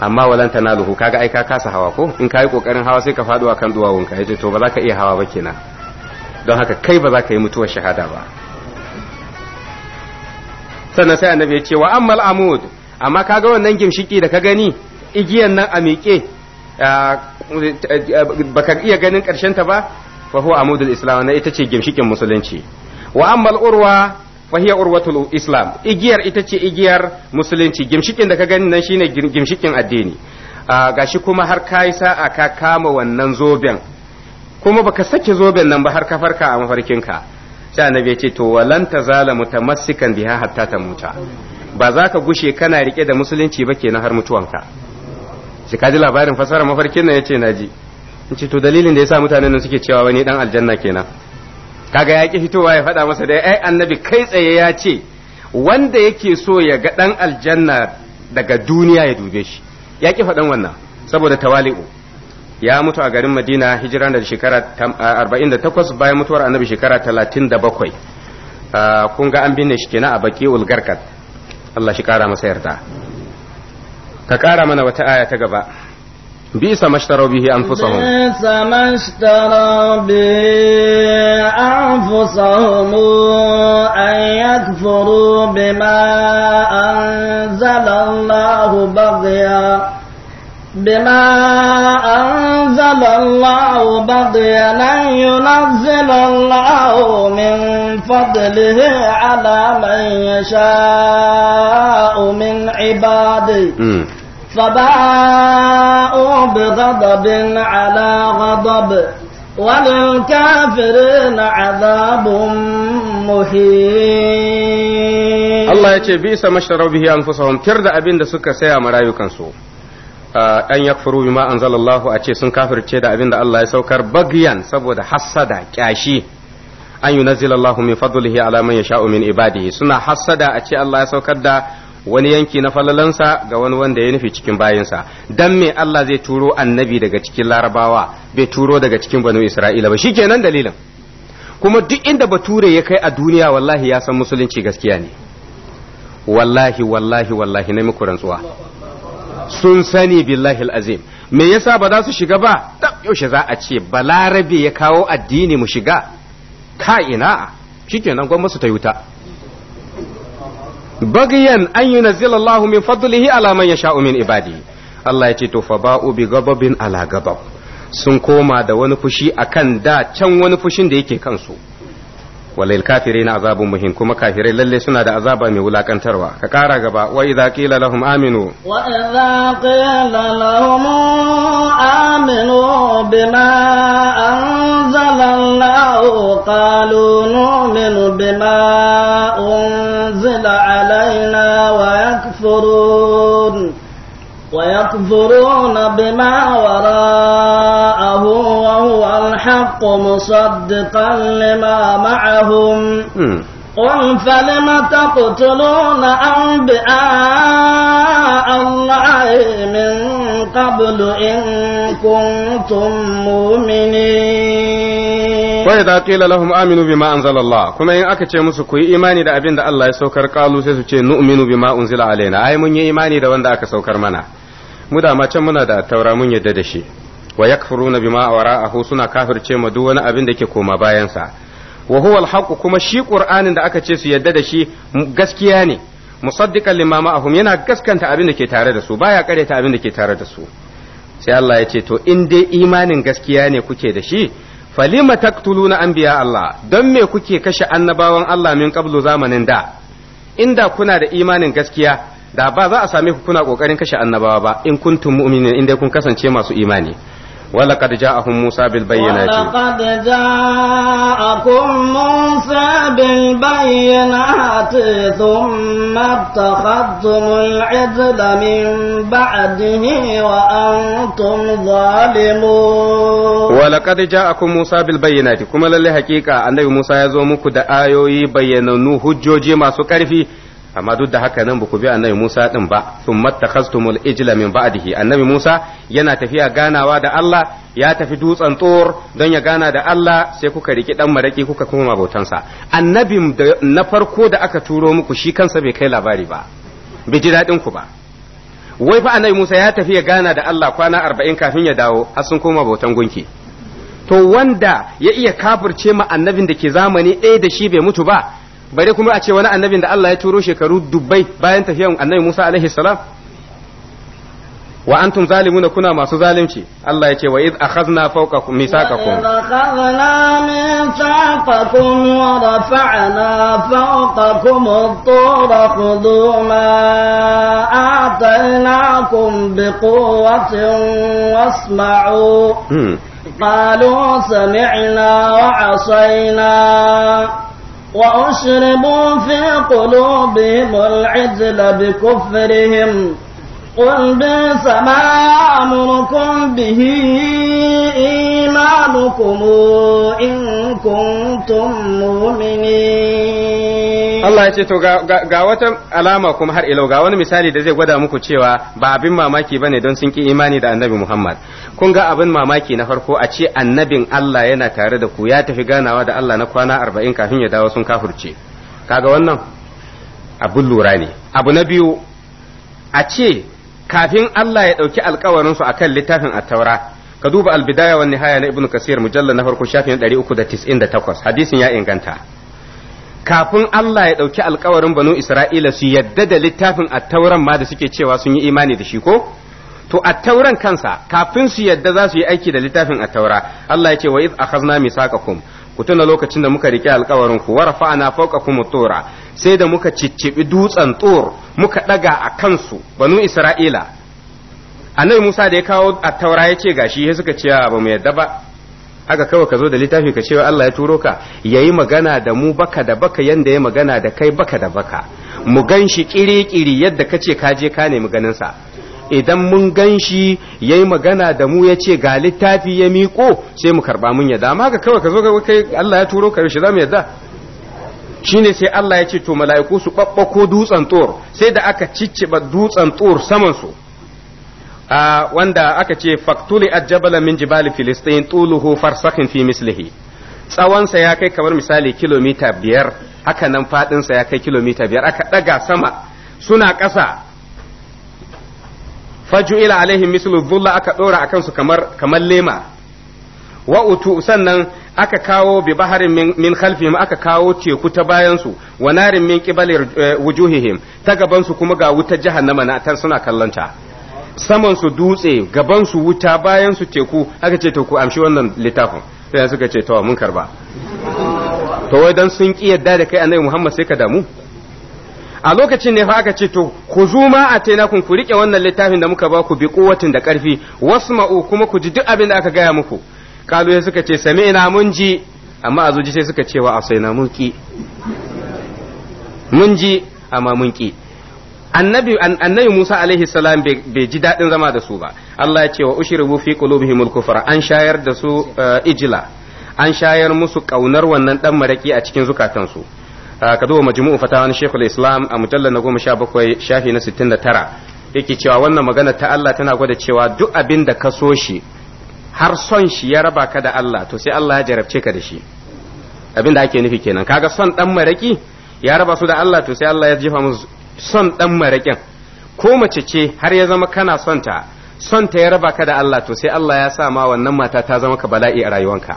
amma walan luhu kaga ai ka kasa hawa ko in kai kokarin hawa sai ka faduwa kan duwawunka yace to ba za ka iya hawa ba kenan don haka kai ba za ka yi mutuwar shahada ba sannan sai annabi ya ce wa ammal amud amma kaga wannan gimshiki da ka gani igiyan nan a miƙe baka iya ganin ƙarshen ta ba fa huwa amudul islam na ita ce gimshikin musulunci wa ammal urwa fahiyar urwatul islam igiyar ita ce igiyar musulunci gimshikin da ka gani nan shine gimshikin addini gashi kuma har kai sa'a ka kama wannan zoben kuma baka sake zoben nan ba har ka farka a mafarkinka sai annabi ya ce to walan tazala mutamassikan biha hatta tamuta ba za ka gushe kana rike da musulunci ba kenan har mutuwanka shi ka ji labarin fasara mafarkin nan yace naji in ce to dalilin da yasa mutanen nan suke cewa wani dan aljanna kenan kaga yaƙi hitowa ya faɗa masa dai ai annabi kai tsaye ya ce wanda yake so ya ga ɗan aljanna daga duniya ya dube shi ya ƙi faɗan wannan saboda tawali'u ya mutu a garin madina hijira da shekara 48 bayan mutuwar annabi shekara 37 kun ga an binne shi kenan a baki ulgarkat Allah shi kara masa yarda ka kara mana wata aya ta gaba بئس ما اشتروا به أنفسهم بئس ما اشتروا به أنفسهم أن يكفروا بما أنزل الله بغيا بما أنزل الله بغيا أن ينزل الله من فضله على من يشاء من عباده فباءوا بغضب على غضب وللكافرين عذاب muhim Allah ya ce bisa masharar bihi anfusahum tir da abin da suka saya ma rayukansu an yakfuru bima anzalallahu a ce sun kafirce da abinda da Allah ya saukar bagiyan saboda hassada kyashi an yunazzilallahu min fadlihi ala ya yasha'u min ibadihi suna hassada a ce Allah ya saukar da wani yanki na falalansa ga wani wanda ya nufi cikin bayinsa dan me Allah zai turo annabi daga cikin larabawa bai turo daga cikin banu isra'ila ba shikenan dalilin kuma duk inda bature ya kai a duniya wallahi ya san musulunci gaskiya ne wallahi wallahi wallahi na muku rantsuwa sun sani billahi azim me yasa ba za su shiga ba yaushe za a ce balarabe ya kawo addini mu shiga ka ina shikenan gwamnati ta yi wuta bagiyan an yunzila Allahu min fadlihi ala man sha'u min ibadi Allah ya ce to fa ba'u bi ghadabin ala gabab sun koma da wani fushi akan da can wani fushin da yake kansu walil kafirina azabun muhim kuma kafirai lalle suna da azaba mai wulakantarwa ka kara gaba wa idza qila lahum aminu wa idza qila lahum aminu bima anzalallahu qalu nu'minu bima unzila alaina wa yakfurun ويكفرون بما وراءه الحق مصدقا لما معهم قل فلم تقتلون أنبئاء الله من قبل إن كنتم مؤمنين وإذا قيل لهم آمنوا بما أنزل الله كما إن أكتش مسكوا إيماني دا أبين دا الله يسوكر قالوا سيسوكي نؤمن بما أنزل علينا أي من إيماني دا وان دا أكسوكر منا mu da macen muna da taura mun yadda da shi wa yakfuruna bima wara'ahu suna kafirce ma duk wani abin da ke koma bayansa. sa wa huwa alhaq kuma shi qur'anin da aka ce su yadda da shi gaskiya ne musaddiqan lima ma'ahum yana gaskanta abin da ke tare da su baya kareta abin da ke tare da su sai Allah ya ce to in dai imanin gaskiya ne kuke da shi falima taqtuluna anbiya Allah don me kuke kashe annabawan Allah min qablu zamanin da inda kuna da imanin gaskiya da ba za a same ku kuna kokarin kashe annabawa ba in kuntum mu'minin in dai kun kasance masu imani ولقد جاءهم موسى بالبينات ولقد جاءكم موسى بالبينات ثم اتخذتم العجل من بعده وأنتم ظالمون ولقد جاءكم موسى بالبينات كما للي حقيقة أن موسى آيوي دعايوي نو هجوجي ما سكرفي amma duk da haka nan ba ku bi annabi Musa din ba sun mattakhastumul ijla min ba'dihi annabi Musa yana tafiya ganawa da Allah ya tafi dutsen tsor don ya gana da Allah sai kuka riki dan maraki kuka kuma mabotansa annabi na farko da aka turo muku shi kansa bai kai labari ba bai ji dadin ku ba wai fa annabi Musa ya tafi ya gana da Allah kwana 40 kafin ya dawo har sun koma bautan gunki to wanda ya iya kafirce ma annabin da ke zamani ɗaya da shi bai mutu ba bari kuma a ce wani annabin da Allah ya turo shekaru dubbai bayan tafiyan annabi Musa alaihi salam wa antum zalimuna kuna masu zalunci Allah ya ce wa iz akhadna fawqakum mithaqakum akhadna mithaqakum wa rafa'na fawqakum at-tura khudhu ma atainakum biquwwatin wasma'u hmm. qalu sami'na wa 'asayna وأشربوا في قلوبهم العجل بكفرهم قل بئس ما أمركم به إيمانكم إن كنتم مؤمنين Allah ya ce to ga wata alama kuma har ilau ga wani misali da zai gwada muku cewa ba abin mamaki bane don sun ki imani da annabi Muhammad kun ga abin mamaki na farko a ce annabin Allah yana tare da ku ya tafi ganawa da Allah na kwana arba'in kafin ya dawo sun kafurce kaga wannan abin lura ne abu na biyu a ce kafin Allah ya ɗauki alkawarinsu a kan littafin taura ka duba albidaya wani haya na ibnu kasir mujalla na farko shafin 398 hadisin ya inganta kafin Allah ya ɗauki alkawarin banu Isra'ila su yadda da littafin attauran ma da suke cewa sun yi imani da shi ko? To attauran kansa kafin su yadda za su yi aiki da littafin attaura Allah ya ce wa iz akhazna misaqakum ku tuna lokacin da muka rike alkawarin ku warfa'ana fawqakum tura sai da muka ciccibi dutsen tur muka daga a kansu banu Isra'ila Annabi Musa da ya kawo attaura ya ce gashi sai suka ce ba mu yadda ba haka kawai ka zo da littafi ka cewa Allah ya turo ka yayi magana da mu baka da baka yanda ya magana da kai baka da baka mu ganshi shi kiri-kiri yadda kace ka je ka nemi ganin sa idan mun gan shi yayi magana da mu yace ga littafi ya miko sai mu karba mun yadda amma haka kawai ka zo kai Allah ya turo ka shi zamu yadda shine sai Allah ya ce to mala'iku su ko dutsen tsor sai da aka cicciba dutsen tsor saman su wanda aka ce faktuli ajjabala min filistin tuluhu farsakin fi mislihi tsawonsa ya kai kamar misali kilomita biyar haka nan sa ya kai kilomita biyar aka ɗaga sama suna ƙasa faju'ila alaihim mislu dhulla aka ɗora akan su kamar kamar lema wa utu sannan aka kawo bi baharin min khalfihim aka kawo teku ta bayan su wa narin min qibali wujuhihim ta gaban su kuma ga wutar jahannama na tan suna kallonta saman su dutse gaban su wuta bayan su teku aka ce teku ku amshi wannan littafin sai suka ce to mun karba to wai dan sun ki yadda da kai annabi Muhammad sai ka damu a lokacin ne fa aka ce to ku zuma a taina kun ku rike wannan littafin da muka ba ku bi kuwatin da karfi wasma'u kuma ku ji duk abin da aka gaya muku kalu ya suka ce sami'na mun ji amma a zuji sai suka ce wa asaina mun ki mun ji amma mun ki annabi annabi Musa alaihi salam bai ji daɗin zama da su ba Allah ya ce wa ushribu fi al kufra an shayar da su eh, ijila an shayar musu kaunar wannan dan maraki a cikin zukatansu ah, ka duba majmu'u fatawan Sheikhul Islam a mujallal na 17 shafi na 69 yake cewa wannan magana ta Allah tana gwada cewa duk abin da ka so shi har son shi ya raba ka da Allah to sai Allah ya jarabce ka da shi abin da ake nufi kenan kaga son dan maraki ya raba su da Allah to sai Allah ya jefa musu son ɗan maraƙin ko mace ce har ya zama kana son ta son ta ya raba ka da Allah to sai Allah ya sa ma wannan mata ta zama ka bala'i a rayuwanka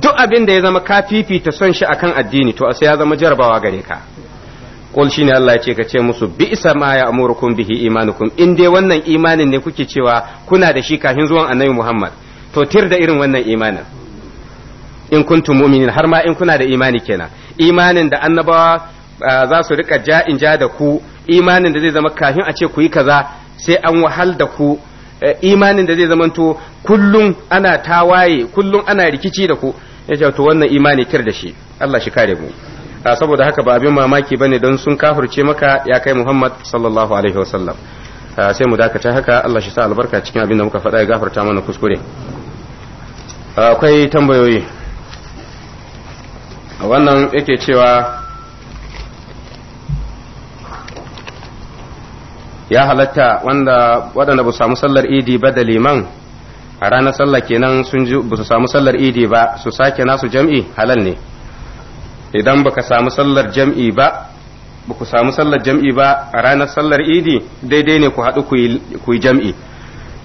duk abin da ya zama ka fifita son shi akan addini to sai ya zama jarabawa gare ka qul shine Allah ya ce ka ce musu bi bi'sa ma ya'murukum bihi imanukum in dai wannan imanin ne kuke cewa kuna da shi kafin zuwan Annabi Muhammad to tir da irin wannan imanin in kuntum mu'minin har ma in kuna da imani kenan imanin da annabawa za su rika ja in ja da ku imanin da zai zama kafin a ce ku yi kaza sai an wahal da ku e, imanin da zai zama to kullum ana tawaye kullum ana rikici da ku ya to wannan imani kir da shi Allah shi kare mu saboda haka ba abin mamaki bane don sun kafirce maka ya kai Muhammad sallallahu alaihi wasallam sai mu dakata haka Allah shi sa albarka cikin abin da muka faɗa ya gafarta mana kuskure akwai tambayoyi wannan yake cewa ya halatta wanda waɗanda ba su samu sallar idi ba da liman a ranar sallah kenan sun ji ba su samu sallar idi ba su sake nasu jam'i halal ne idan baka samu sallar jam'i ba ba ku samu sallar jam'i ba a ranar sallar idi daidai ne ku haɗu ku yi jam'i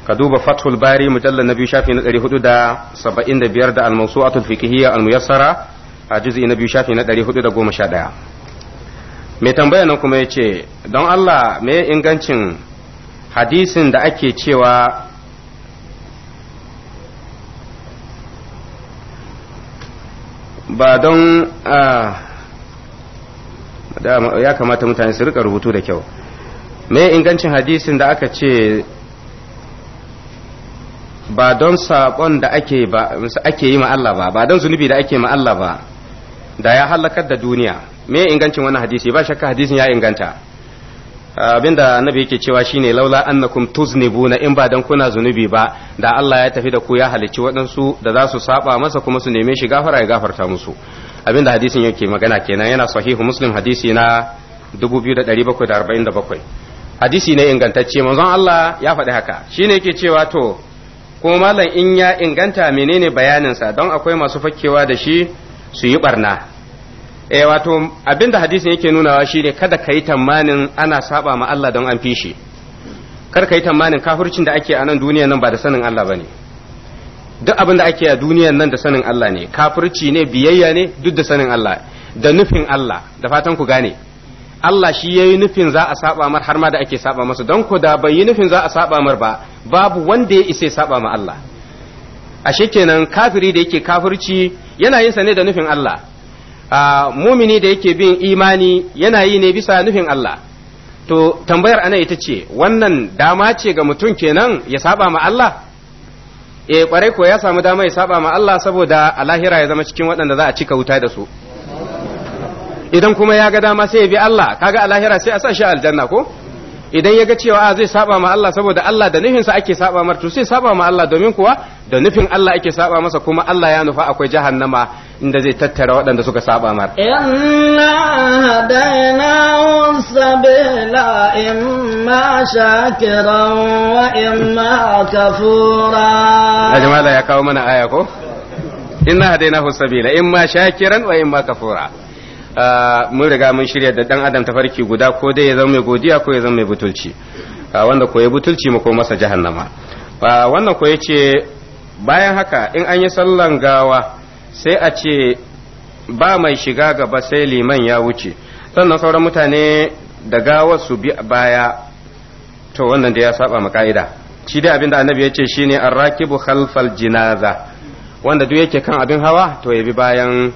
ka duba fathul bari mujallar na biyu shafi na ɗari hudu da saba'in da biyar da almasu atul fiqhiyya almuyassara a juzi na biyu shafi na ɗari hudu da goma sha ɗaya mai tambaya nan kuma ya ce don Allah mai ingancin hadisin da ake cewa ba don ya kamata mutane su rika rubutu da kyau mai ingancin hadisin da aka ce ba don saƙon da ake yi ma Allah ba ba don zunubi da ake ma Allah ba da ya halakar da duniya me ingancin wannan hadisi ba shakka hadisin ya inganta abinda annabi yake cewa shine laula annakum tuznibuna in ba dan kuna zunubi ba da Allah ya tafi da ku ya halicci waɗansu da za su saba masa kuma su neme shi gafara ya gafarta musu abinda hadisin yake magana kenan yana sahihu muslim hadisi na 2747 hadisi ne ingantacce manzon Allah ya faɗi haka shine yake cewa to ko malam in ya inganta menene sa don akwai masu fakkewa da shi su yi barna eh wato abinda hadisin yake nunawa ne kada ka yi tamanin ana saba ma Allah don an fi kar ka yi tamanin kafircin da ake a nan duniyan nan ba da sanin Allah bane duk abinda da ake a duniyan nan da sanin Allah ne kafirci ne biyayya ne duk da sanin Allah da nufin Allah da fatan ku gane Allah shi yayi nufin za a saba mar har ma da ake saba masa don ko da bai yi nufin za a saba mar ba babu wanda ya isa saba ma Allah ashe kenan kafiri da yake kafirci yana yin sa ne da nufin Allah mumini da yake bin imani yana yi ne bisa nufin Allah to tambayar ana ita ce wannan dama ce ga mutum kenan ya saba ma Allah eh kwarai ko ya samu dama ya saba ma Allah saboda alahira ya zama cikin waɗanda za a cika wuta da su idan kuma ya ga dama sai ya bi Allah kaga a lahira sai a sa shi aljanna ko idan ya ga cewa a zai saba ma Allah saboda Allah da nufinsa ake saba mar to sai saba ma Allah domin kuwa da nufin Allah ake saba masa kuma Allah ya nufa akwai jahannama inda zai tattara waɗanda suka saba mar inna hadaina sabila imma shakiran wa imma kafura jama'a ya kawo mana aya ko inna hadaina sabila imma shakiran wa imma kafura Ah, mun riga mun shirya da dan adam tafarki guda ko dai ya zama mai godiya ko ya zama mai butulci ah, wanda ko ya butulci mako masa jahannama ah, wannan ko yace bayan haka in an yi sallan gawa sai a ce ba mai shiga gaba sai liman ya wuce sannan sauran mutane da gawa su bi baya to wannan da ya saba ma ka'ida shi dai abinda da annabi ya ce shine arrakibu khalfal jinaza wanda duk yake kan abin hawa to ya bi bayan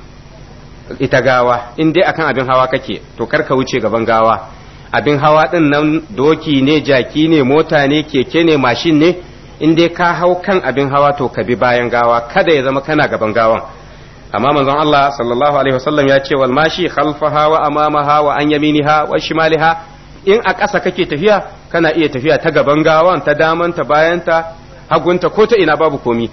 ita gawa in dai akan abin hawa kake to kar ka wuce gaban gawa abin hawa din nan doki ne jaki ne mota ne keke ne mashin ne in dai ka hau kan abin hawa to ka bi bayan gawa kada ya zama kana gaban gawan amma manzon Allah sallallahu alaihi wasallam ya ce wal mashi khalfaha wa amamaha wa an yaminiha wa shimaliha in a ƙasa kake tafiya kana iya tafiya ta gaban gawan ta damanta bayanta hagunta ko ta ina babu komi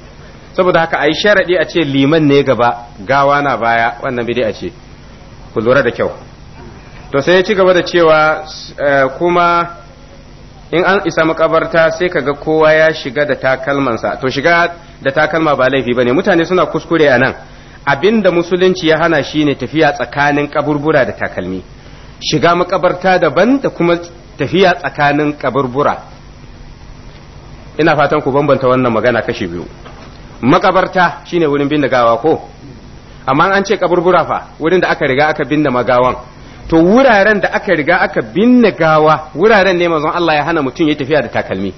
saboda haka ayi sharadi a ce liman ne gaba gawa na baya wannan a ce ku lura da kyau to sai ya ci gaba da cewa eh, kuma in an isa makabarta sai kaga kowa ya shiga da takalmansa to shiga da takalma ba laifi bane mutane suna kuskure a nan abinda musulunci ya hana shine tafiya tsakanin kaburbura da takalmi shiga makabarta daban da kuma tafiya tsakanin kaburbura ina fatan ku bambanta wannan magana kashi biyu makabarta shine wurin binne gawa ko amma an ce kaburbura fa wurin da aka riga aka binne magawan to wuraren da aka riga aka binne gawa wuraren ne manzon Allah ya hana mutum ya tafiya da takalmi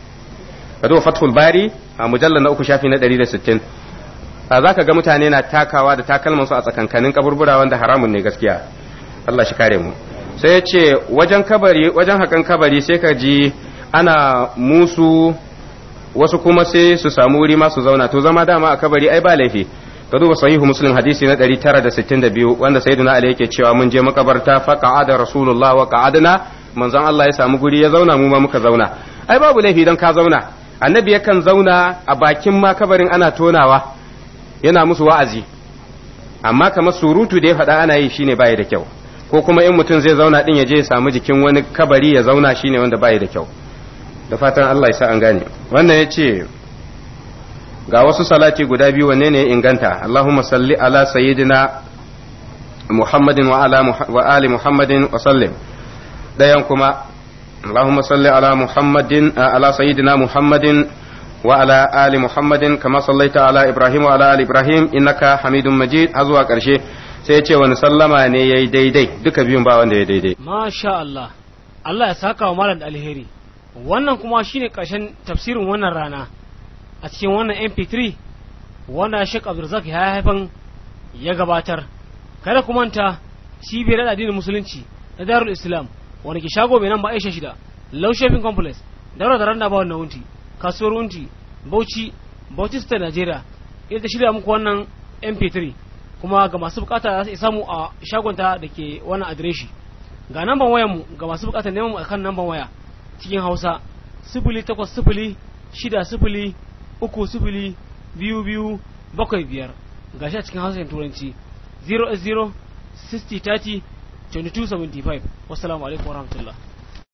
ka zo fathul bari a mujallar na uku shafi na 160 za ka ga mutane na takawa da takalman su a tsakankanin kaburbura wanda haramun ne gaskiya Allah shi kare mu sai ya ce wajen kabari wajen hakan kabari sai ka ji ana musu wasu kuma sai su samu wuri ma su zauna to zama dama a kabari ai ba laifi ka duba sahihu muslim hadisi na 962 wanda sayyiduna ali yake cewa mun je makabarta fa qa'ada rasulullah wa qa'adna manzon Allah ya samu guri ya zauna mu ma muka zauna ai babu laifi dan ka zauna annabi yakan zauna a bakin ma kabarin ana tonawa yana musu wa'azi amma kamar surutu da ya faɗa ana yi shine bai da kyau ko kuma in mutum zai zauna din ya je ya samu jikin wani kabari ya zauna shine wanda bai da kyau da fatan Allah ya sa an gane wannan ya ce ga wasu salati guda biyu wanne ne inganta Allahumma salli ala sayyidina Muhammadin wa ala wa ali Muhammadin wa sallim dayan kuma Allahumma salli ala Muhammadin ala sayyidina Muhammadin wa ala ali Muhammadin kama sallaita ala Ibrahim wa ala ali Ibrahim innaka Hamidum Majid har zuwa karshe sai ya ce wani sallama ne yayi daidai duka biyun ba wanda ya daidai masha Allah Allah ya saka wa malam alheri wannan kuma shine ƙarshen tafsirin wannan rana a cikin wannan mp3 wanda shek abdulrazak ya haifan ya gabatar kada ku manta cibiyar da addinin musulunci na darul islam wani ke shago mai nan ba aisha shida low shopping complex daura da randa ba wannan wunti kasuwar wunti bauchi bauchi state nigeria ita shirya muku wannan mp3 kuma ga masu bukata za su samu a shagonta da ke wannan adireshi ga namban wayanmu ga masu bukata neman akan namban waya cikin hausa sifili takwas sifili shida sifili uku sifili biyu biyu bakwai biyar gashi a cikin hausa turanci 0 0 60 30 22 75 wasu alaikum warahmatullahi